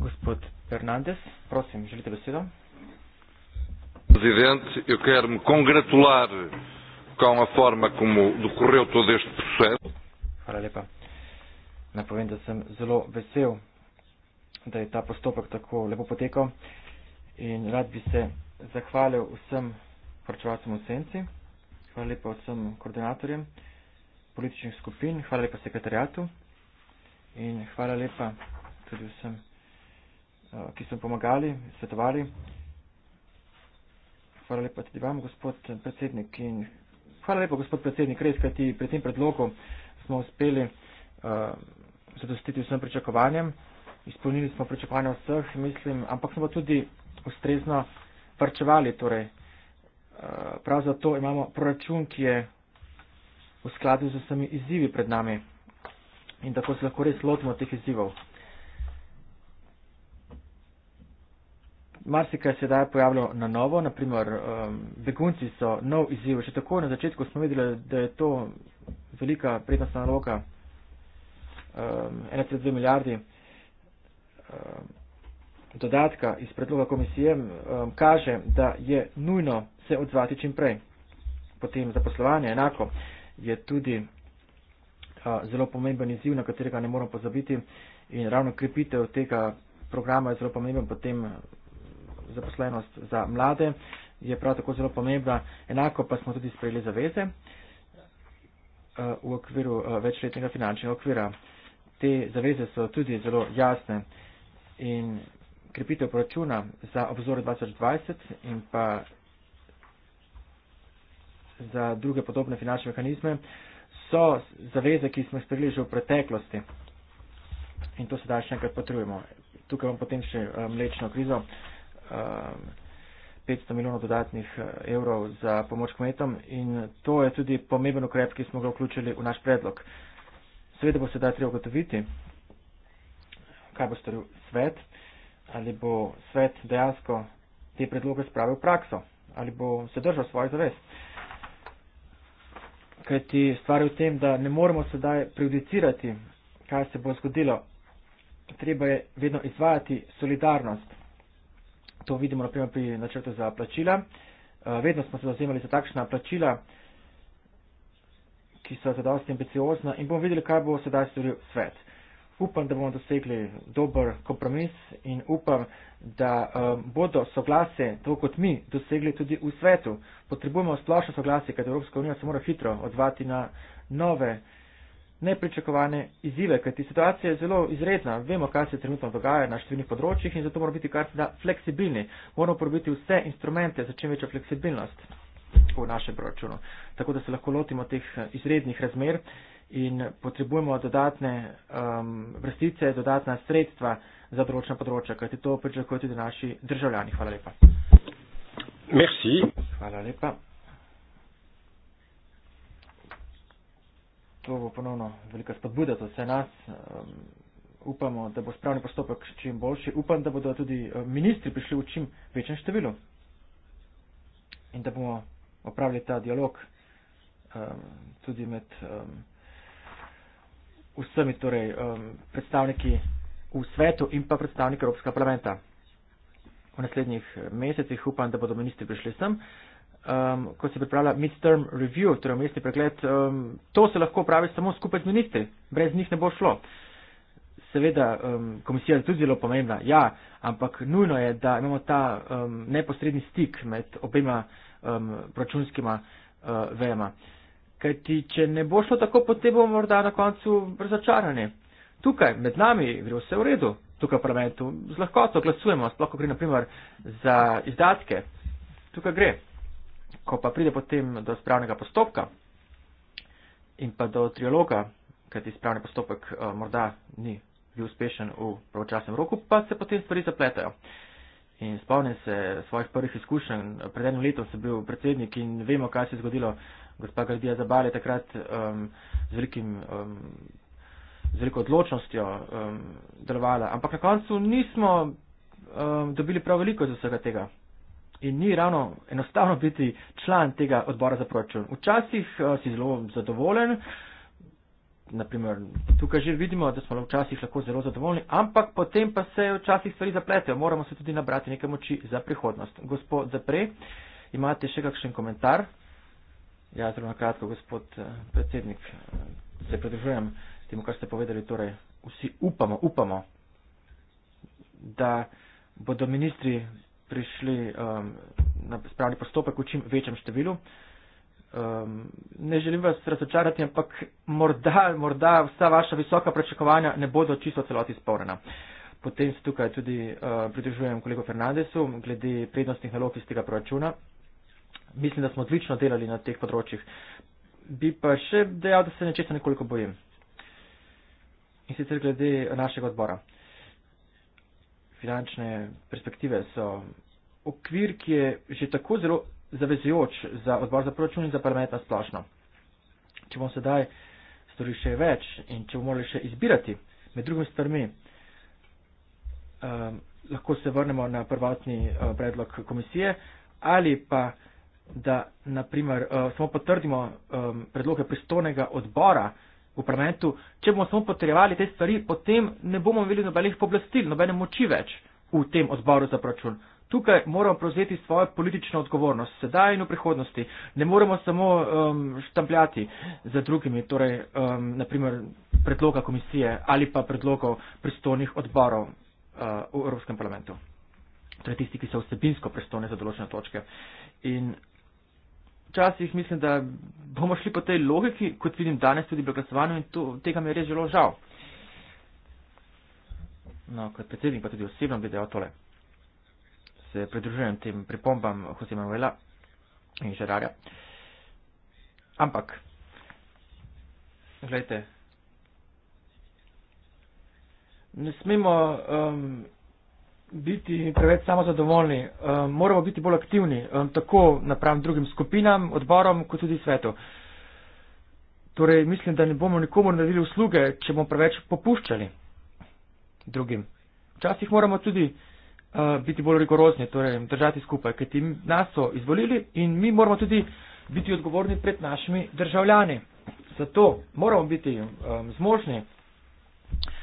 Gospod Fernandez, prosim, želite besedo? Presidente, eu quero-me congratular com a forma como decorreu todo este processo. Hvala lepa. Napovem, da sem zelo vesel da je ta postopek tako lepo potekal in rad bi se zahvalil vsem poročevalcem v senci, hvala lepa vsem koordinatorjem političnih skupin, hvala lepa sekretarjatu in hvala lepa tudi vsem, eh, ki so pomagali, svetovali. Hvala lepa tudi vam, gospod predsednik. In hvala lepa, gospod predsednik, res, kaj ti pri tem predlogu smo uspeli uh, zadostiti vsem pričakovanjem izpolnili smo pričakovanja vseh, mislim, ampak smo tudi ustrezno varčevali. Torej, eh, prav zato imamo proračun, ki je v skladu z vsemi izzivi pred nami in tako se lahko res lotimo teh izzivov. Marsikaj se da je pojavljalo na novo, naprimer ehm, begunci so nov izziv. Še tako na začetku smo videli, da je to velika prednostna naloga, 1,2 ehm, milijardi. Eh, dodatka iz predloga komisije eh, kaže, da je nujno se odzvati čim prej. Potem zaposlovanje enako je tudi eh, zelo pomemben izziv, na katerega ne moramo pozabiti in ravno krepitev tega programa je zelo pomemben, potem zaposlenost za mlade je prav tako zelo pomembna, enako pa smo tudi sprejeli zaveze v okviru večletnega finančnega okvira. Te zaveze so tudi zelo jasne in krepitev proračuna za obzor 2020 in pa za druge podobne finančne mehanizme so zaveze, ki smo sprejeli že v preteklosti in to se da še enkrat potrebujemo. Tukaj vam potem še eh, mlečno krizo, 500 eh, milijonov dodatnih eh, evrov za pomoč kmetom in to je tudi pomemben ukrep, ki smo ga vključili v naš predlog. Seveda bo se da treba gotoviti kaj bo storil svet, ali bo svet dejansko te predloge spravil v prakso, ali bo se držal svojih zavez. Kaj ti stvari v tem, da ne moremo sedaj prejudicirati, kaj se bo zgodilo. Treba je vedno izvajati solidarnost. To vidimo naprimer pri načrtu za plačila. Eh, vedno smo se zauzemali za takšna plačila, ki so zadosti ambiciozna in bomo videli, kaj bo sedaj storil svet upam, da bomo dosegli dober kompromis in upam, da um, bodo soglase, tako kot mi, dosegli tudi v svetu. Potrebujemo splošno soglase, kajti Evropska unija se mora hitro odzvati na nove nepričakovane izzive, kajti situacija je zelo izredna. Vemo, kaj se trenutno dogaja na številnih področjih in zato moramo biti kar se da fleksibilni. Moramo porobiti vse instrumente za čim večjo fleksibilnost v našem proračunu, tako da se lahko lotimo teh eh, izrednih razmer. Uh, in potrebujemo dodatne um, vrstice, dodatna sredstva za določena področja, kajti to pričakujejo tudi naši državljani. Hvala lepa. Merci. Hvala lepa. To bo ponovno velika spodbuda za vse nas. Um, upamo, da bo spravni postopek čim boljši. Upam, da bodo tudi uh, ministri prišli v čim večjem številu in da bomo opravili ta dialog um, tudi med. Um, vsemi torej, um, predstavniki v svetu in pa predstavniki Evropskega parlamenta. V naslednjih eh, mesecih upam, da bodo ministri prišli sem, um, ko se pripravlja midterm review, torej mestni pregled. Um, to se lahko pravi samo skupaj z ministri, brez njih ne bo šlo. Seveda, um, komisija je tudi zelo pomembna, ja, ampak nujno je, da imamo ta um, neposredni stik med obema um, računskima uh, vejama. Uh, Kaj ti, če ne bo šlo tako, potem bomo morda na koncu razočarani. Tukaj, med nami, gre vse v redu, tukaj v parlamentu, z lahkoto glasujemo, sploh ko gre naprimer za izdatke. Tukaj gre. Ko pa pride potem do spravnega postopka in pa do triologa, kaj ti spravni postopek o, eh, morda ni bil uspešen v pravočasnem roku, pa se potem stvari zapletajo. In spomnim se svojih prvih izkušenj, pred enim letom sem bil predsednik in vemo, kaj se je zgodilo gospa Gardija Zabal je takrat um, z, velikim, um, z veliko odločnostjo um, delovala. Ampak na koncu nismo um, dobili prav veliko iz vsega tega. In ni ravno enostavno biti član tega odbora za proračun. Včasih uh, si zelo zadovoljen, naprimer tukaj že vidimo, da smo včasih lahko zelo zadovoljni, ampak potem pa se včasih stvari zapletejo. Moramo se tudi nabrati nekaj moči za prihodnost. Gospod Zapre, imate še kakšen komentar? Ja, zelo na kratko, gospod eh, predsednik, eh, se pridružujem temu, kar ste povedali. Torej, vsi upamo, upamo, da bodo ministri prišli um, na spravni postopek v čim večjem številu. Um, ne želim vas razočarati, ampak morda, morda vsa vaša visoka prečakovanja ne bodo čisto celoti izpolnjena. Potem se tukaj tudi uh, pridružujem kolegu Fernandesu glede prednostnih nalog iz tega proračuna mislim, da smo odlično delali na teh področjih. Bi pa še dejal, da se nečesa nekoliko bojim. In sicer glede našega odbora. Finančne perspektive so okvir, ki je že tako zelo zavezujoč za odbor za proračun in za parlament na splošno. Če bomo sedaj storili še več in če bomo morali še izbirati med drugimi stvarmi, eh, lahko se vrnemo na prvotni eh, predlog komisije ali pa da naprimer, uh, eh, samo potrdimo um, predloge pristovnega odbora v parlamentu, če bomo samo potrjevali te stvari, potem ne bomo imeli nobenih poblastil, nobene moči več v tem odboru za proračun. Tukaj moramo prevzeti svojo politično odgovornost, sedaj in v prihodnosti. Ne moremo samo um, štampljati za drugimi, torej um, naprimer predloga komisije ali pa predlogov pristovnih odborov uh, v Evropskem parlamentu. Torej tisti, ki so vsebinsko pristovne za določene točke. In včasih mislim, da bomo šli po tej logiki, kot vidim danes tudi pri glasovanju in to, tega mi je res zelo žal. No, kot predsednik pa tudi osebno bi dejal tole. Se pridružujem tem pripombam Hosea Manuela in Žerarja. Ampak, gledajte, ne smemo um, biti preveč samozadovoljni, um, moramo biti bolj aktivni, um, tako napram drugim skupinam, odborom, kot tudi svetu. Torej, mislim, da ne bomo nikomu naredili usluge, če bomo preveč popuščali drugim. Včasih moramo tudi uh, biti bolj rigorozni, torej držati skupaj, ker ti nas so izvolili in mi moramo tudi biti odgovorni pred našimi državljani. Zato moramo biti um, zmožni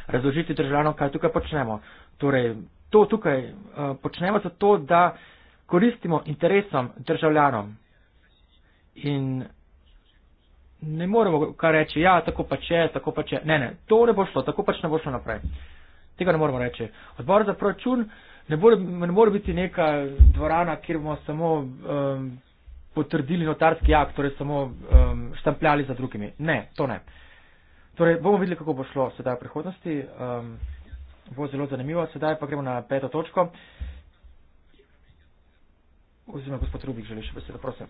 razložiti državljanom, kaj tukaj počnemo. Torej, to tukaj eh, počnemo zato, da koristimo interesom državljanom. In ne moremo kar reči, ja, tako pa če, tako pa če. Ne, ne, to ne bo šlo, tako pač ne bo šlo naprej. Tega ne moremo reči. Odbor za proračun ne, ne more biti neka dvorana, kjer bomo samo um, potrdili notarski akt, torej samo um, ehm, štampljali za drugimi. Ne, to ne. Torej, bomo videli, kako bo šlo sedaj v prihodnosti. Um, bo zelo zanimivo. Sedaj pa gremo na peto točko. Oziroma, gospod Rubik, želiš besedo, prosim.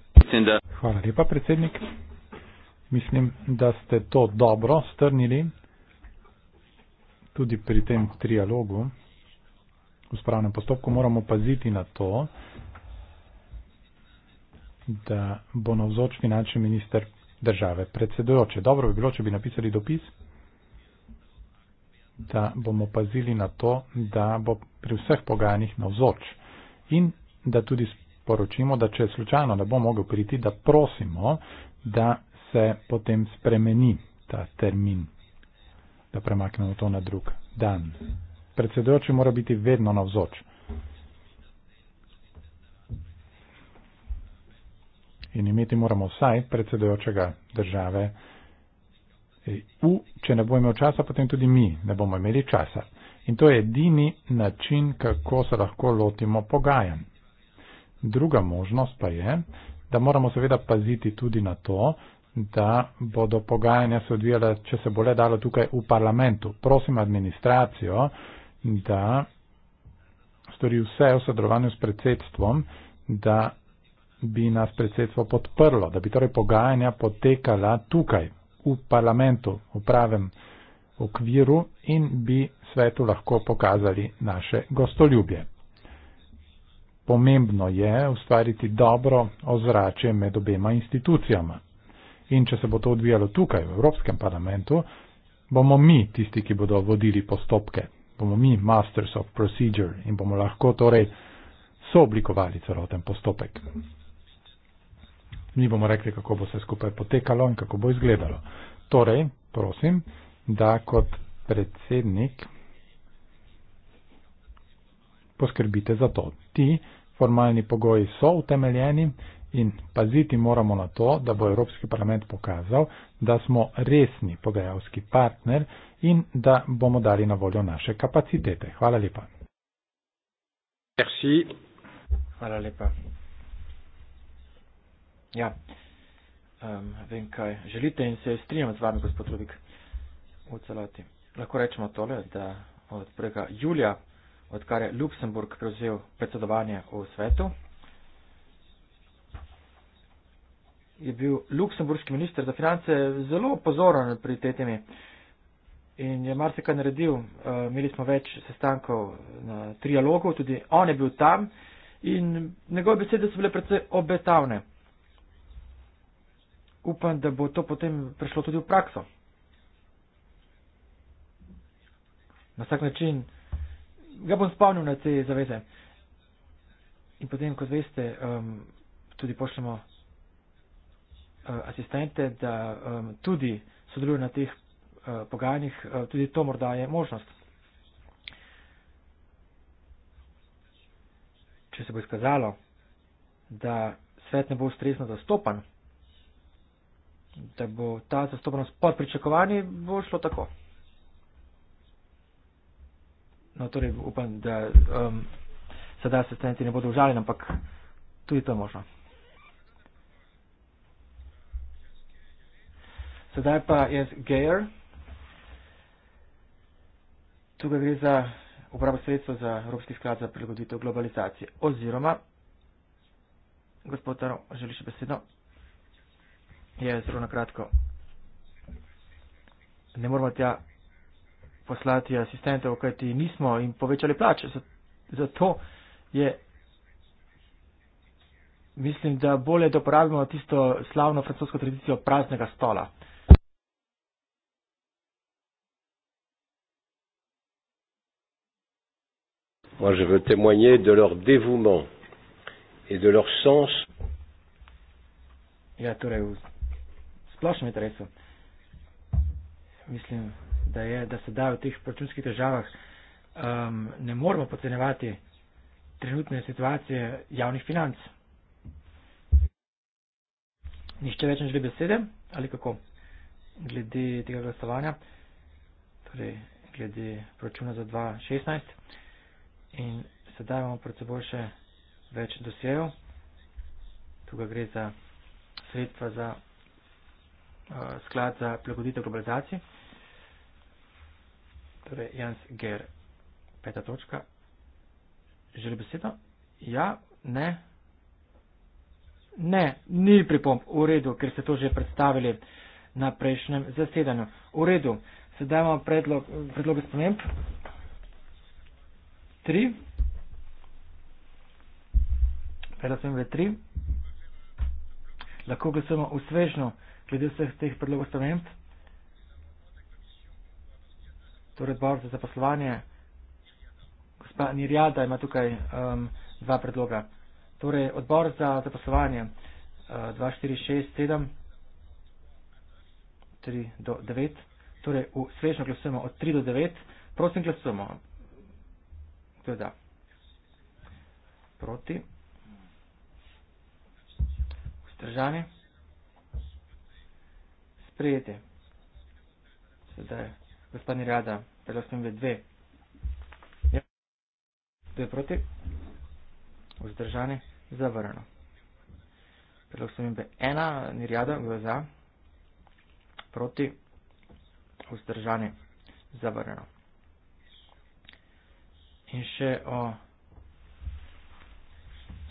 Hvala lepa, predsednik. Mislim, da ste to dobro strnili tudi pri tem trialogu. V spravnem postopku moramo paziti na to, da bo navzoč finančni minister države predsedujoče. Dobro bi bilo, če bi napisali dopis da bomo pazili na to, da bo pri vseh pogajanjih navzoč in da tudi sporočimo, da če slučajno ne bo mogel priti, da prosimo, da se potem spremeni ta termin, da premaknemo to na drug dan. Predsedujoči mora biti vedno navzoč. In imeti moramo vsaj predsedujočega države. E, U, če ne bo imel časa, potem tudi mi ne bomo imeli časa. In to je edini način, kako se lahko lotimo pogajan. Druga možnost pa je, da moramo seveda paziti tudi na to, da bodo pogajanja se odvijala, če se bo le dalo tukaj v parlamentu. Prosim administracijo, da stori vse v sodelovanju s predsedstvom, da bi nas predsedstvo podprlo, da bi torej pogajanja potekala tukaj v parlamentu, v pravem okviru in bi svetu lahko pokazali naše gostoljubje. Pomembno je ustvariti dobro ozračje med obema institucijama. In če se bo to odvijalo tukaj, v Evropskem parlamentu, bomo mi tisti, ki bodo vodili postopke, bomo mi masters of procedure in bomo lahko torej sooblikovali celoten postopek mi bomo rekli, kako bo vse skupaj potekalo in kako bo izgledalo. Torej, prosim, da kot predsednik poskrbite za to. Ti formalni pogoji so utemeljeni in paziti moramo na to, da bo Evropski parlament pokazal, da smo resni pogajalski partner in da bomo dali na voljo naše kapacitete. Hvala lepa. Merci. Hvala lepa. Ja, um, vem, kaj želite in se strinjam z vami, gospod Rubik, v celoti. Lahko rečemo tole, da od 1. julija, odkar je Luksemburg prevzel predsedovanje v svetu, je bil luksemburški minister za finance zelo pozoren pri tej temi in je marsikaj naredil. Uh, imeli smo več sestankov na trialogu, tudi on je bil tam in njegove besede so bile predvsej obetavne upam, da bo to potem prišlo tudi v prakso. Na vsak način ga bom spomnil na te zaveze. In potem, kot veste, um, tudi pošljemo uh, asistente, da um, tudi sodelujo na teh uh, pogajanjih, uh, tudi to morda je možnost. Če se bo izkazalo, da svet ne bo ustrezno zastopan, da bo ta zastopanost pod pričakovanji, bo šlo tako. No, torej upam, da um, sedaj se stranci ne bodo užaljeni, ampak tudi to je možno. Sedaj pa je gejer. Tukaj gre za uporabo sredstva za Evropski sklad za prilagoditev globalizacije. Oziroma, gospod Taro, želiš besedo? No? je zelo na kratko. Ne moramo tja poslati asistentov, kajti nismo jim povečali plače. Zato je, mislim, da bolje, da uporabimo tisto slavno francosko tradicijo praznega stola. Moi, je veux témoigner de leur dévouement et de leur sens. Yeah, ja, torej splošnem interesu. Mislim, da, je, da se da v teh računskih državah um, ne moramo pocenevati trenutne situacije javnih financ. Nihče več ne želi besede ali kako glede tega glasovanja, torej glede računa za 2016 in sedaj imamo pred seboj še več dosjejev. Tukaj gre za sredstva za Eh, sklad za prilagoditev globalizacije. Torej, Jans Ger, peta točka. Želi besedo? Ja, ne. Ne, ni pripomp. V redu, ker ste to že predstavili na prejšnjem zasedanju. V redu, sedaj imamo predlog, predloge sprememb. Tri. Predlog sprememb je tri. Lahko glasujemo v svežnju glede vseh teh predlogov sprememb, torej odbor za zaposlovanje, gospa Nirjada ima tukaj um, dva predloga. Torej odbor za zaposlovanje uh, 2, 4, 6, 7, 3 do 9, torej v svežno glasujemo od 3 do 9, prosim glasujemo. To je da. Proti. Vzdržanje prijeti. Sedaj, gospod Nirjada, telo sem ve dve. Ja. Dve proti. Vzdržani, zavrano. Telo sem ve ena, Nirjada, ve za. Proti. Vzdržani, zavrano. In še o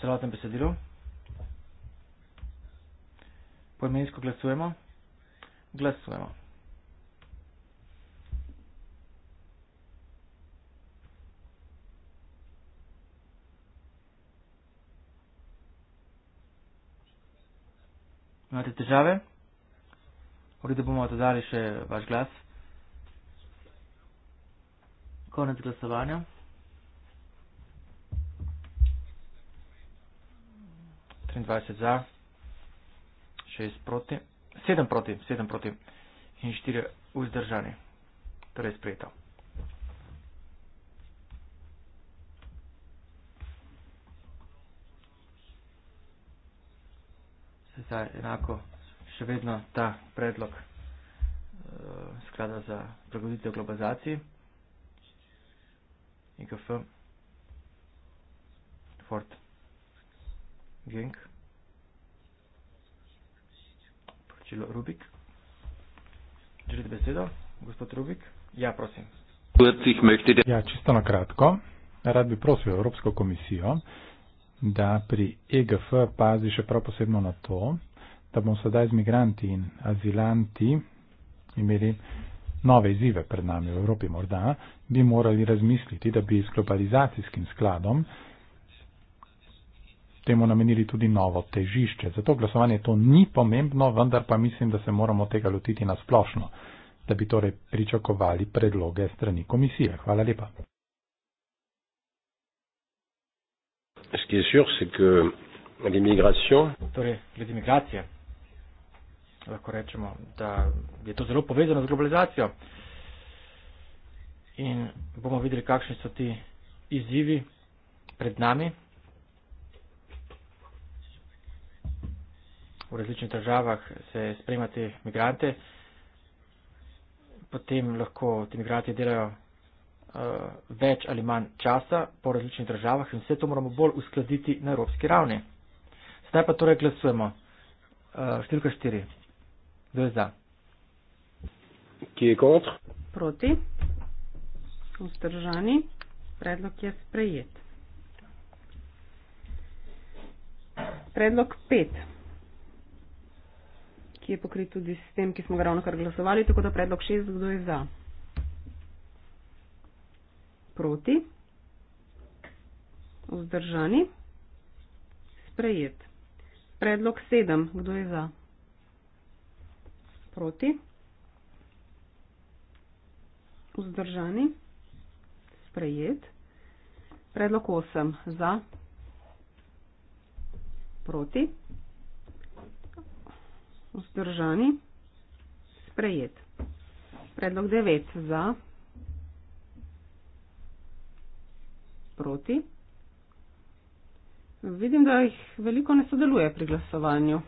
celotnem besedilu. Poimensko glasujemo glasujemo. Imate težave? Vrede bomo dodali še vaš glas. Konec glasovanja. Trindvajset za, šest proti. 7 proti, 7 proti in 4 vzdržani. Torej sprejeto. Zdaj enako še vedno ta predlog uh, sklada za pregoditev globalizaciji. IGF e Ford Genk plačilo Rubik. Želite besedo, gospod Rubik? Ja, prosim. Ja, čisto na kratko. Rad bi prosil Evropsko komisijo, da pri EGF pazi še prav posebno na to, da bomo sedaj z migranti in azilanti imeli nove izzive pred nami v Evropi. Morda bi morali razmisliti, da bi z globalizacijskim skladom temu namenili tudi novo težišče. Zato glasovanje to ni pomembno, vendar pa mislim, da se moramo tega lotiti na splošno, da bi torej pričakovali predloge strani komisije. Hvala lepa. Torej, glede migracije, lahko rečemo, da je to zelo povezano z globalizacijo in bomo videli, kakšni so ti izzivi pred nami. v različnih državah se spremljati migrante, potem lahko ti migranti delajo uh, več ali manj časa po različnih državah in vse to moramo bolj uskladiti na evropski ravni. Zdaj pa torej glasujemo. Uh, Številka štiri. Kdo je za? Ki je kontr? Proti. Vzdržani. Predlog je sprejet. Predlog 5 je pokrit tudi s tem, ki smo ga ravno kar glasovali, tako da predlog šest, kdo je za? Proti? Vzdržani? Sprejet. Predlog sedem, kdo je za? Proti? Vzdržani? Sprejet. Predlog osem, za? Proti? vzdržani. Sprejet. Predlog 9 za. Proti. Vidim, da jih veliko ne sodeluje pri glasovanju.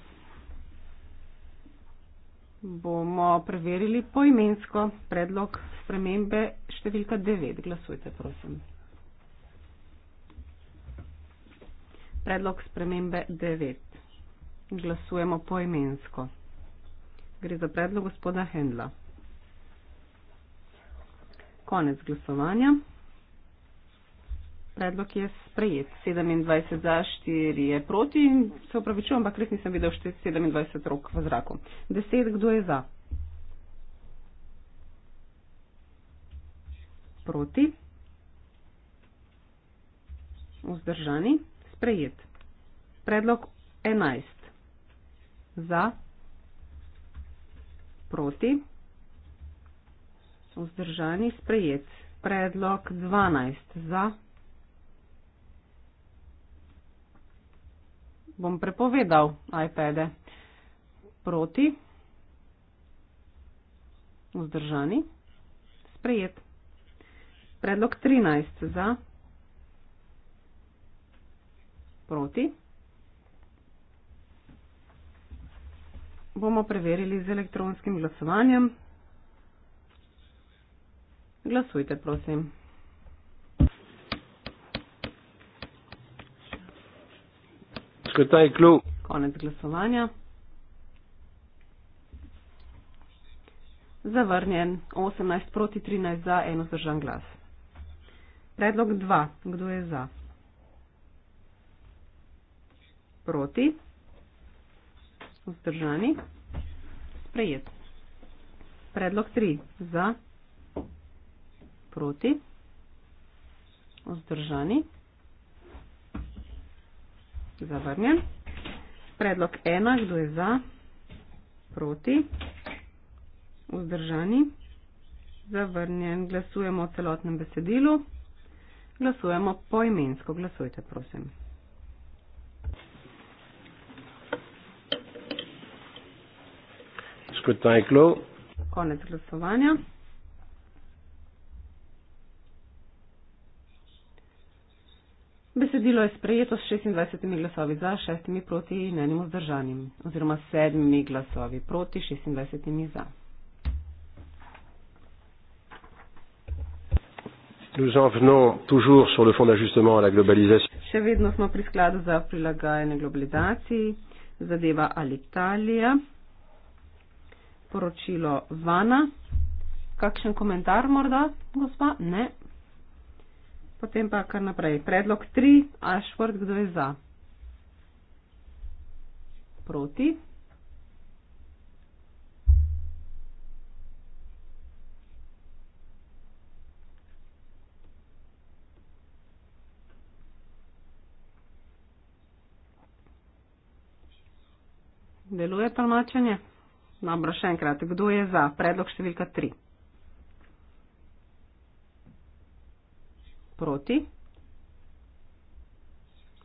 Bomo preverili poimensko predlog spremembe številka 9. Glasujte, prosim. Predlog spremembe 9. Glasujemo poimensko. imensko. Gre za predlog gospoda Hendla. Konec glasovanja. Predlog je sprejet. 27 za 4 je proti. Se upravičujem, ampak res nisem videl šte 27 rok v zraku. 10, kdo je za? Proti. Vzdržani. Sprejet. Predlog 11. Za proti. Vzdržani sprejet. Predlog 12 za. Bom prepovedal iPade. Proti. Vzdržani. Sprejet. Predlog 13 za. Proti. bomo preverili z elektronskim glasovanjem. Glasujte, prosim. Skrtaj klub. Konec glasovanja. Zavrnjen 18 proti 13 za eno zdržan glas. Predlog 2. Kdo je za? Proti. Vzdržani. Sprejet. Predlog 3. Za. Proti. Vzdržani. Zavrnjen. Predlog 1. Kdo je za? Proti. Vzdržani. Zavrnjen. Glasujemo o celotnem besedilu. Glasujemo poimensko. Glasujte, prosim. gospod Tajklov. Konec glasovanja. Besedilo je sprejeto s 26 glasovi za, 6 proti in enim vzdržanim, oziroma 7 glasovi proti, 26 za. Nous en venons toujours sur le fonds d'ajustement à la globalisation. Še vedno smo pri skladu za prilagajanje globalizaciji, zadeva Alitalija sporočilo Vana. Kakšen komentar morda, gospa? Ne. Potem pa kar naprej. Predlog 3, Ashford, kdo je za? Proti. Deluje tolmačenje? Dobro, še enkrat, kdo je za predlog številka 3? Proti?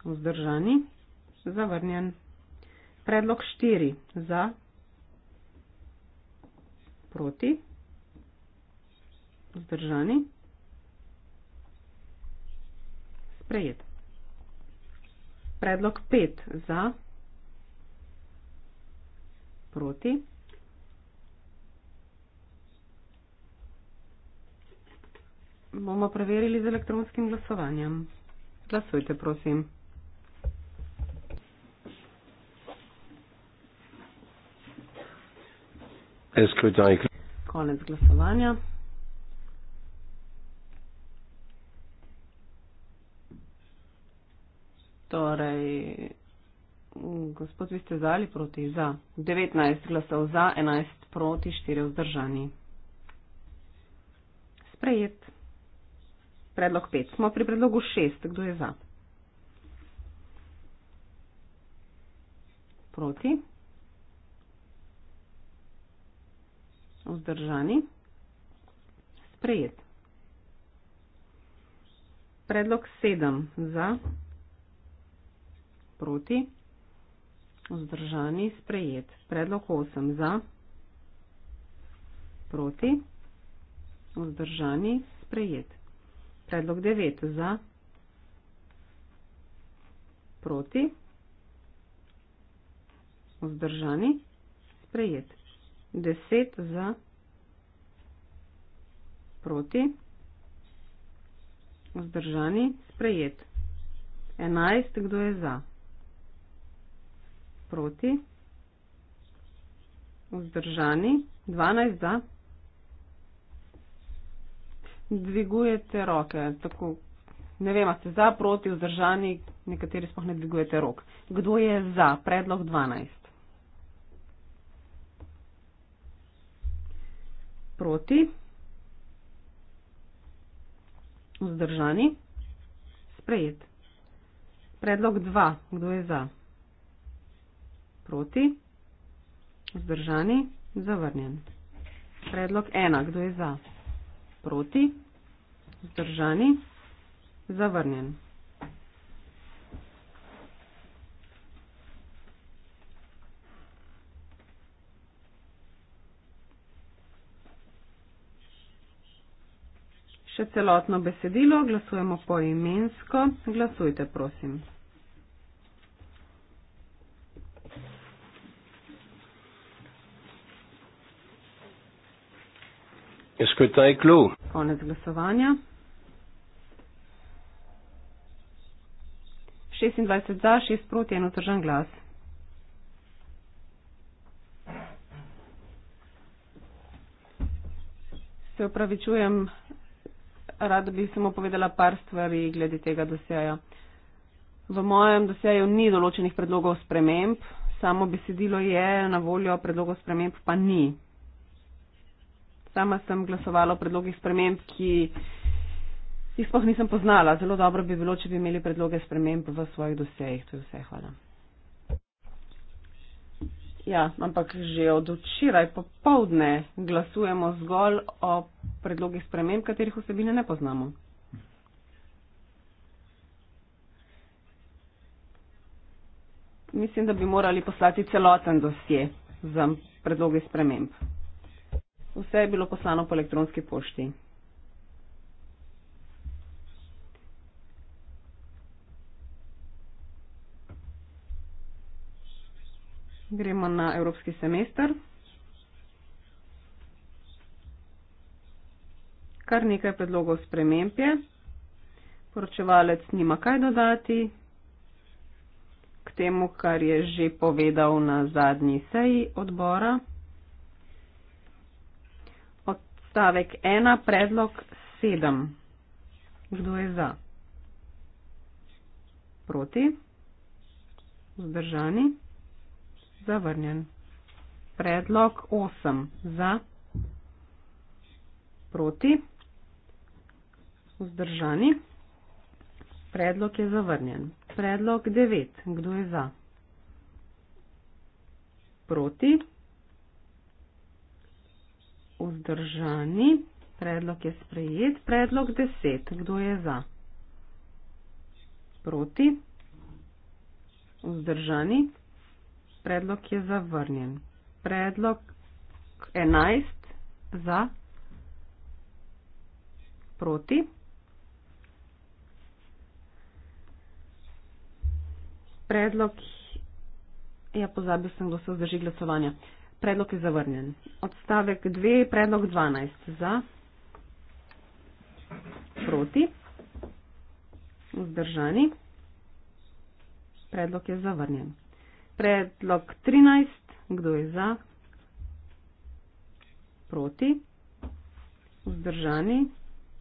Vzdržani? Zavrnjen. Predlog 4 za? Proti? Vzdržani? Sprejet. Predlog 5 za? Proti? bomo preverili z elektronskim glasovanjem. Glasujte, prosim. Konec glasovanja. Torej, gospod, vi ste za ali proti? Za. 19 glasov za, 11 proti, 4 vzdržani. Sprejet predlog 5. Smo pri predlogu 6. Kdo je za? Proti? Vzdržani? Sprejet. Predlog 7. Za? Proti? Vzdržani? Sprejet. Predlog 8. Za? Proti? Vzdržani? Sprejet predlog 9 za, proti, vzdržani, sprejet. 10 za, proti, vzdržani, sprejet. 11, kdo je za, proti, vzdržani, 12 za, proti dvigujete roke. Tako, ne vem, ste za, proti, vzdržani, nekateri spoh ne dvigujete rok. Kdo je za? Predlog 12. Proti. Vzdržani. Sprejet. Predlog 2. Kdo je za? Proti. Vzdržani. Zavrnjen. Predlog 1. Kdo je za? Proti proti, zdržani, zavrnjen. Še celotno besedilo glasujemo poimensko. Glasujte, prosim. Je skrutaj klu. Konec glasovanja. 26 za, 6 proti, 1 vzdržan glas. Se upravičujem, rada bi samo povedala par stvari glede tega doseja. V mojem doseju ni določenih predlogov sprememb, samo besedilo je na voljo, predlogov sprememb pa ni. Sama sem glasovala o predlogih sprememb, ki jih sploh nisem poznala. Zelo dobro bi bilo, če bi imeli predloge sprememb v svojih dosejih. To je vse, hvala. Ja, ampak že od včeraj popovdne glasujemo zgolj o predlogih sprememb, katerih vsebine ne poznamo. Mislim, da bi morali poslati celoten dosje za predloge sprememb. Vse je bilo poslano po elektronski pošti. Gremo na evropski semester. Kar nekaj predlogov sprememb je. Poročevalec nima kaj dodati k temu, kar je že povedal na zadnji seji odbora stavek 1, predlog 7. Kdo je za? Proti? Zdržani? Zavrnjen. Predlog 8. Za? Proti? Vzdržani. Predlog je zavrnjen. Predlog 9. Kdo je za? Proti? vzdržani. Predlog je sprejet. Predlog 10. Kdo je za? Proti? Vzdržani? Predlog je zavrnjen. Predlog 11. Za? Proti? Predlog. Ja, pozabil sem, kdo se vzdrži glasovanja. Predlog je zavrnjen. Odstavek 2, predlog 12 za, proti, vzdržani. Predlog je zavrnjen. Predlog 13, kdo je za, proti, vzdržani.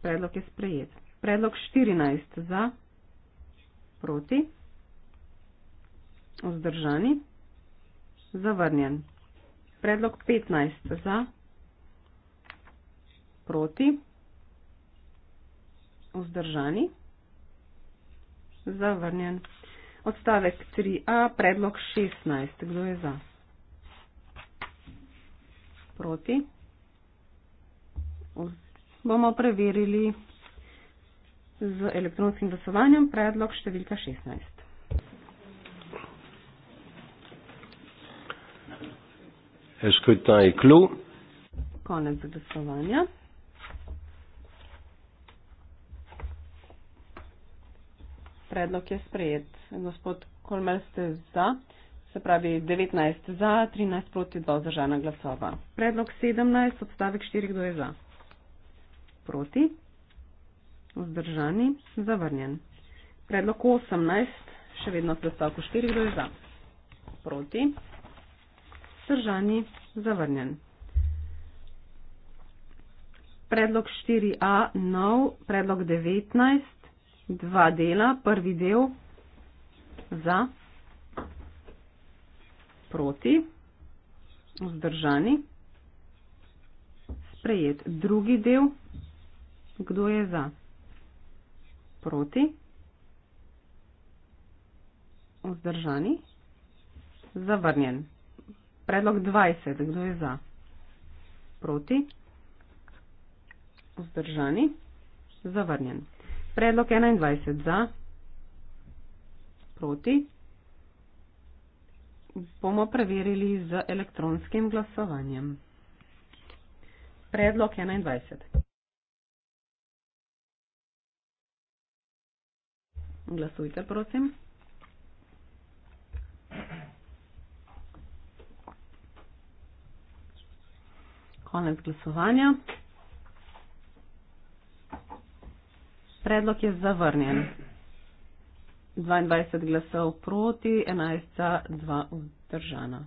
Predlog je sprejet. Predlog 14 za, proti, vzdržani, zavrnjen. Predlog 15 za, proti, vzdržani, zavrnjen. Odstavek 3a, predlog 16. Kdo je za? Proti. Bomo preverili z elektronskim glasovanjem predlog številka 16. Le scrutin est clos. Konec glasovanja. Predlog je sprejet. Gospod Kolmel ste za, se pravi 19 za, 13 proti 2 zažana glasova. Predlog 17, odstavek 4, kdo je za? Proti. Vzdržani. Zavrnjen. Predlog 18, še vedno s predstavko 4, kdo je za? Proti vzdržani, zavrnjen. Predlog 4a, nov, predlog 19, dva dela, prvi del za, proti, vzdržani, sprejet. Drugi del, kdo je za, proti, vzdržani, zavrnjen. Predlog 20. Kdo je za? Proti? Vzdržani? Zavrnjen. Predlog 21. Za? Proti? Bomo preverili z elektronskim glasovanjem. Predlog 21. Glasujte, prosim. konec glasovanja. Predlog je zavrnjen. 22 glasov proti, 11 za, 2 vzdržana.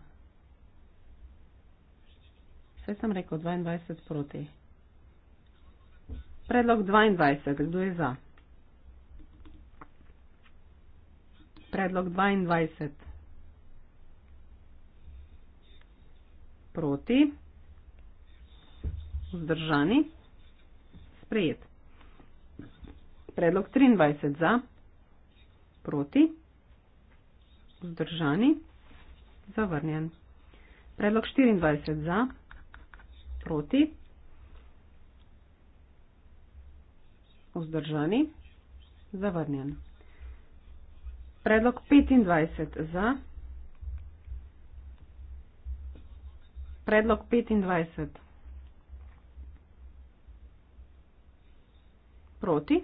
Vse sem rekel, 22 proti. Predlog 22, kdo je za? Predlog 22 proti vzdržani. Sprejet. Predlog 23 za, proti, vzdržani, zavrnjen. Predlog 24 za, proti, vzdržani, zavrnjen. Predlog 25 za, predlog 25 za, proti,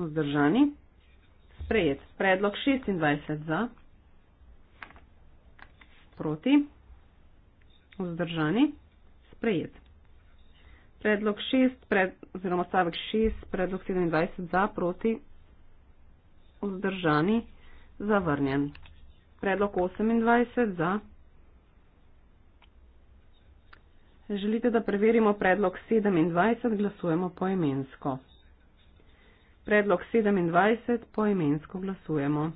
vzdržani, sprejet. Predlog 26 za, proti, vzdržani, sprejet. Predlog 6, pred, oziroma stavek 6, predlog 27 za, proti, vzdržani, zavrnjen. Predlog 28 za, proti. Želite, da preverimo predlog 27, glasujemo poemensko. Predlog 27, poemensko glasujemo.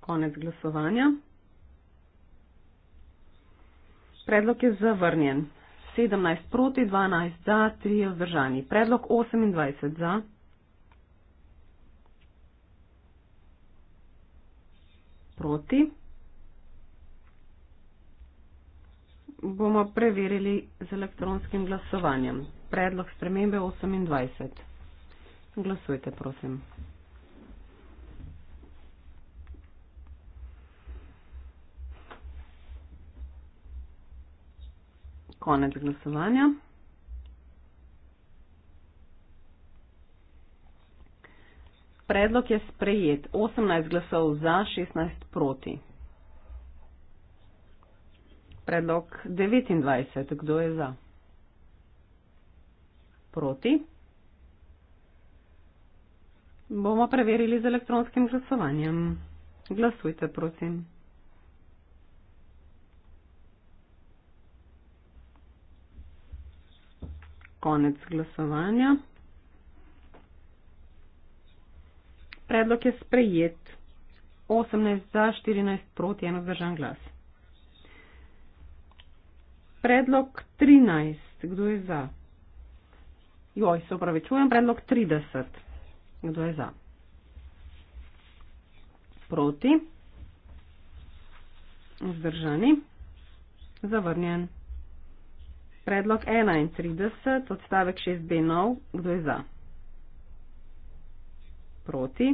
Konec glasovanja. Predlog je zavrnjen. 17 proti, 12 za, 3 vzdržani. Predlog 28 za. proti. Bomo preverili z elektronskim glasovanjem. Predlog spremembe 28. Glasujte, prosim. Konec glasovanja. Predlog je sprejet. 18 glasov za, 16 proti. Predlog 29. Kdo je za? Proti. Bomo preverili z elektronskim glasovanjem. Glasujte, prosim. Konec glasovanja. Predlog je sprejet. 18 za, 14 proti, eno zdržan glas. Predlog 13. Kdo je za? Joj, se upravičujem. Predlog 30. Kdo je za? Proti. Zdržani. Zavrnjen. Predlog 31, odstavek 6b nov. Kdo je za? proti.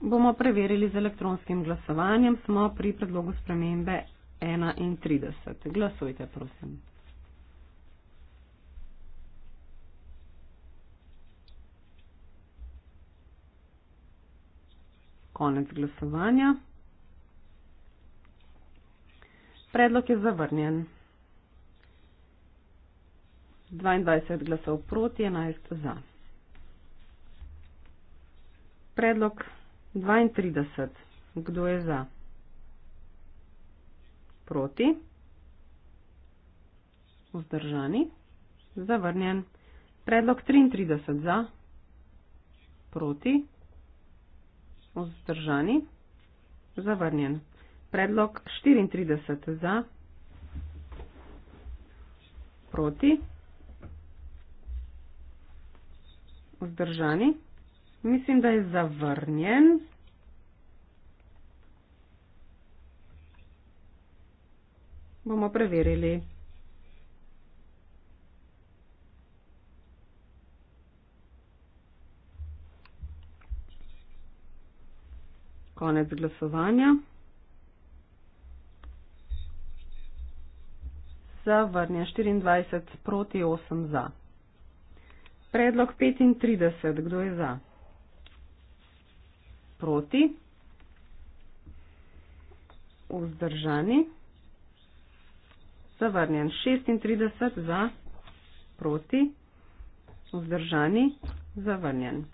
Bomo preverili z elektronskim glasovanjem. Smo pri predlogu spremembe 31. Glasujte, prosim. Konec glasovanja. Predlog je zavrnjen. 22 glasov proti, 11 za predlog 32. Kdo je za? Proti? Vzdržani? Zavrnjen. Predlog 33. Za? Proti? Vzdržani? Zavrnjen. Predlog 34. Za? Proti? Vzdržani? Mislim, da je zavrnjen. Bomo preverili. Konec glasovanja. Zavrnja 24 proti 8 za. Predlog 35. Kdo je za? proti, vzdržani, zavrnjen 36 za, proti, vzdržani, zavrnjen.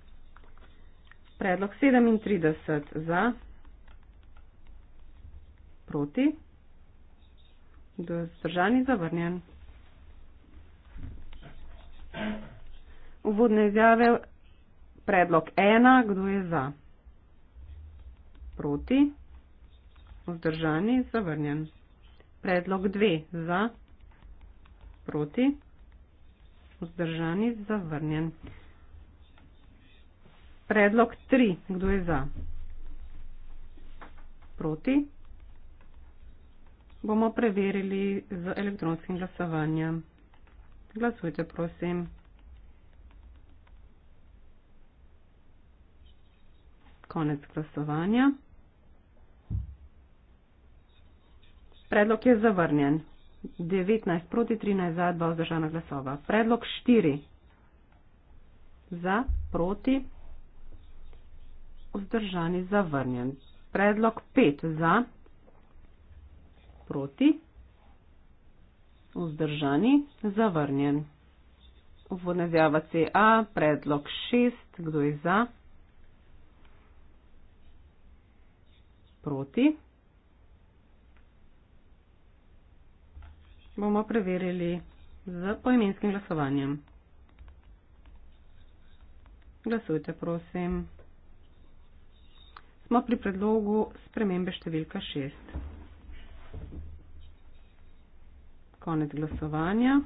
Predlog 37 za, proti, vzdržani, zavrnjen. Uvodne izjave, predlog 1, kdo je za? proti, vzdržani, zavrnjen. Predlog 2 za, proti, vzdržani, zavrnjen. Predlog 3, kdo je za, proti, bomo preverili z elektronskim glasovanjem. Glasujte, prosim. Konec glasovanja. Predlog je zavrnjen. 19 proti 13 za, 2 vzdržana glasova. Predlog 4 za, proti, vzdržani, zavrnjen. Predlog 5 za, proti, vzdržani, zavrnjen. Uvodna izjava CA, predlog 6, kdo je za, proti. bomo preverili z poimenskim glasovanjem. Glasujte, prosim. Smo pri predlogu spremembe številka 6. Konec glasovanja.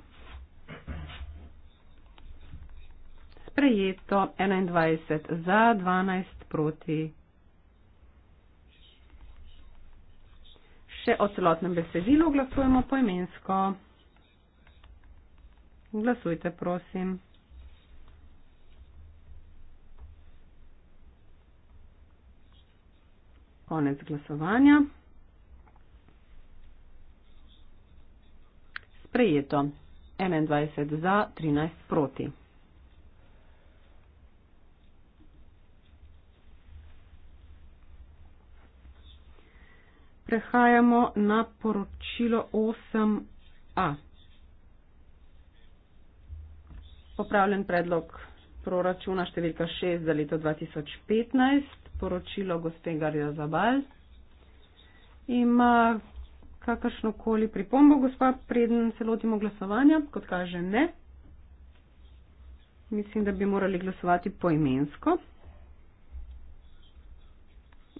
Sprejeto 21 za 12 proti Še o celotnem besedilu glasujemo poimensko. Glasujte, prosim. Konec glasovanja. Sprejeto. 21 za, 13 proti. prehajamo na poročilo 8a. Popravljen predlog proračuna številka 6 za leto 2015, poročilo gospe Garja Zabal. Ima kakršnokoli pripombo, gospa, preden se lotimo glasovanja, kot kaže ne. Mislim, da bi morali glasovati poimensko.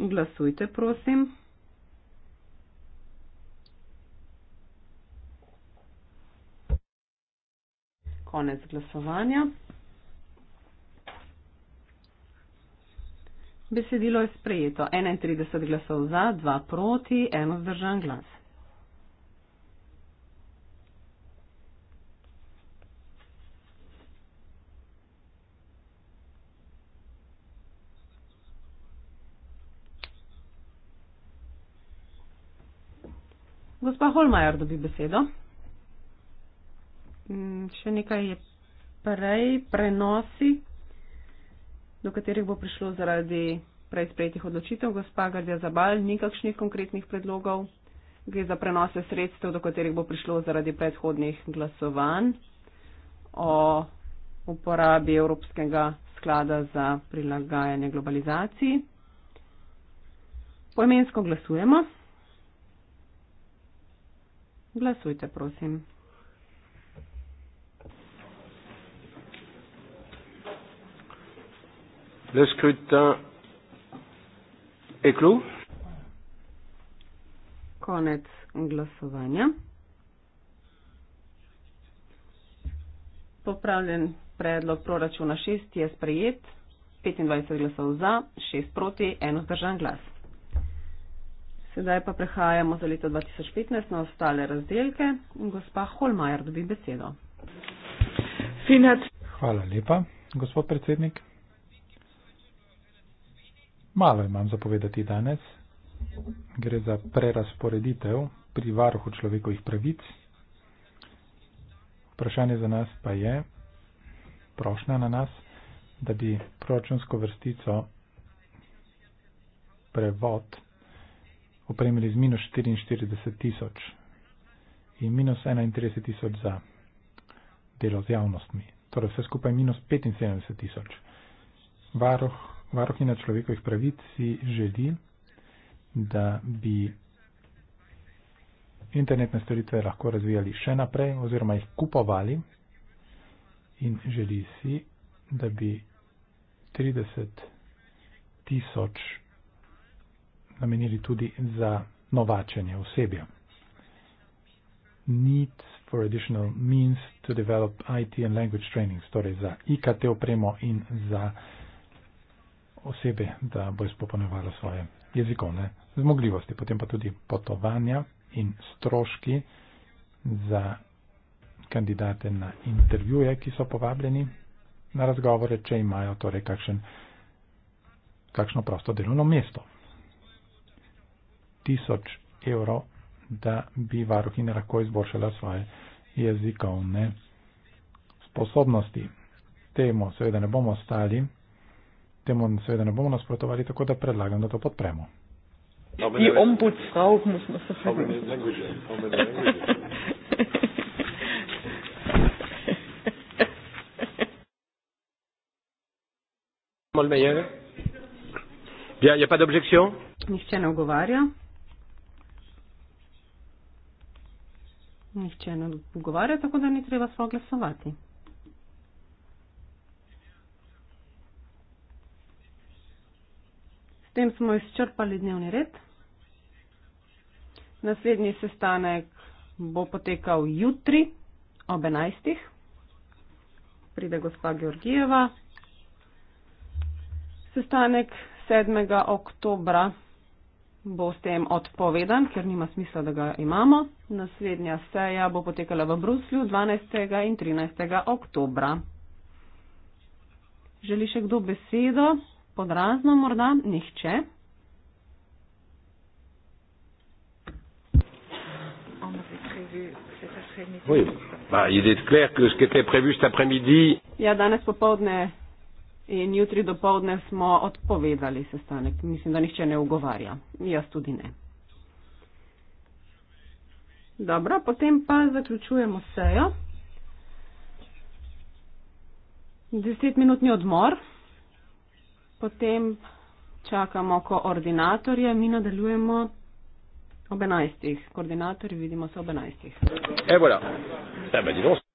Glasujte, prosim. konec glasovanja. Besedilo je sprejeto. 31 glasov za, 2 proti, 1 zdržan glas. Gospa Holmajer dobi besedo. Mm, še nekaj je prej, prenosi, do katerih bo prišlo zaradi prej sprejetih odločitev. Gospa Gardja Zabal, nikakšnih konkretnih predlogov. Gre za prenose sredstev, do katerih bo prišlo zaradi predhodnih glasovanj o uporabi Evropskega sklada za prilagajanje globalizaciji. Poimensko glasujemo. Glasujte, prosim. Le scrutin est clos. Konec glasovanja. Popravljen predlog proračuna 6 je sprejet. 25 glasov za, 6 proti, 1 vzdržan glas. Sedaj pa prehajamo za leto 2015 na ostale razdelke. Gospa Holmajer dobi besedo. Finec. Hvala lepa, gospod predsednik. Malo imam zapovedati danes. Gre za prerasporeditev pri varuhu človekovih pravic. Vprašanje za nas pa je, prošnja na nas, da bi proračunsko vrstico prevod opremili z minus 44 tisoč in minus 31 tisoč za delo z javnostmi. Torej vse skupaj minus 75 tisoč. Varuh Varohina človekovih pravic si želi, da bi internetne storitve lahko razvijali še naprej oziroma jih kupovali in želi si, da bi 30 tisoč namenili tudi za novačenje osebja. Need for additional means to develop IT and language training, torej za IKT opremo in za uh, osebe, da bo izpopolnjevala svoje jezikovne zmogljivosti, potem pa tudi potovanja in stroški za kandidate na intervjuje, ki so povabljeni na razgovore, če imajo torej kakšen, kakšno prosto delovno mesto. Tisoč evrov, da bi varuhina lahko izboljšala svoje jezikovne sposobnosti. Temu seveda ne bomo ostali temu seveda ne bomo nasprotovali, tako da predlagam, da to podpremo. Ti ombud frau, musimo se spomniti. Nihče ne ogovarja. Nihče ne ogovarja, tako da ni treba soglasovati. tem smo izčrpali dnevni red. Naslednji sestanek bo potekal jutri ob 11. Pride gospa Georgijeva. Sestanek 7. oktobra bo s tem odpovedan, ker nima smisla, da ga imamo. Naslednja seja bo potekala v Bruslju 12. in 13. oktobra. Želi še kdo besedo? podrazno morda nihče. Oui. Bah, il est clair que ce qui était prévu cet après-midi. Ja, danes popovdne in jutri dopovdne smo odpovedali sestanek. Mislim, da nihče ne ugovarja. Jaz tudi ne. Dobro, potem pa zaključujemo sejo. Desetminutni odmor potem čakamo koordinatorje, mi nadaljujemo ob enajstih. Koordinatorji vidimo se ob enajstih. Evo, ja. Eh, Tebe, dinos.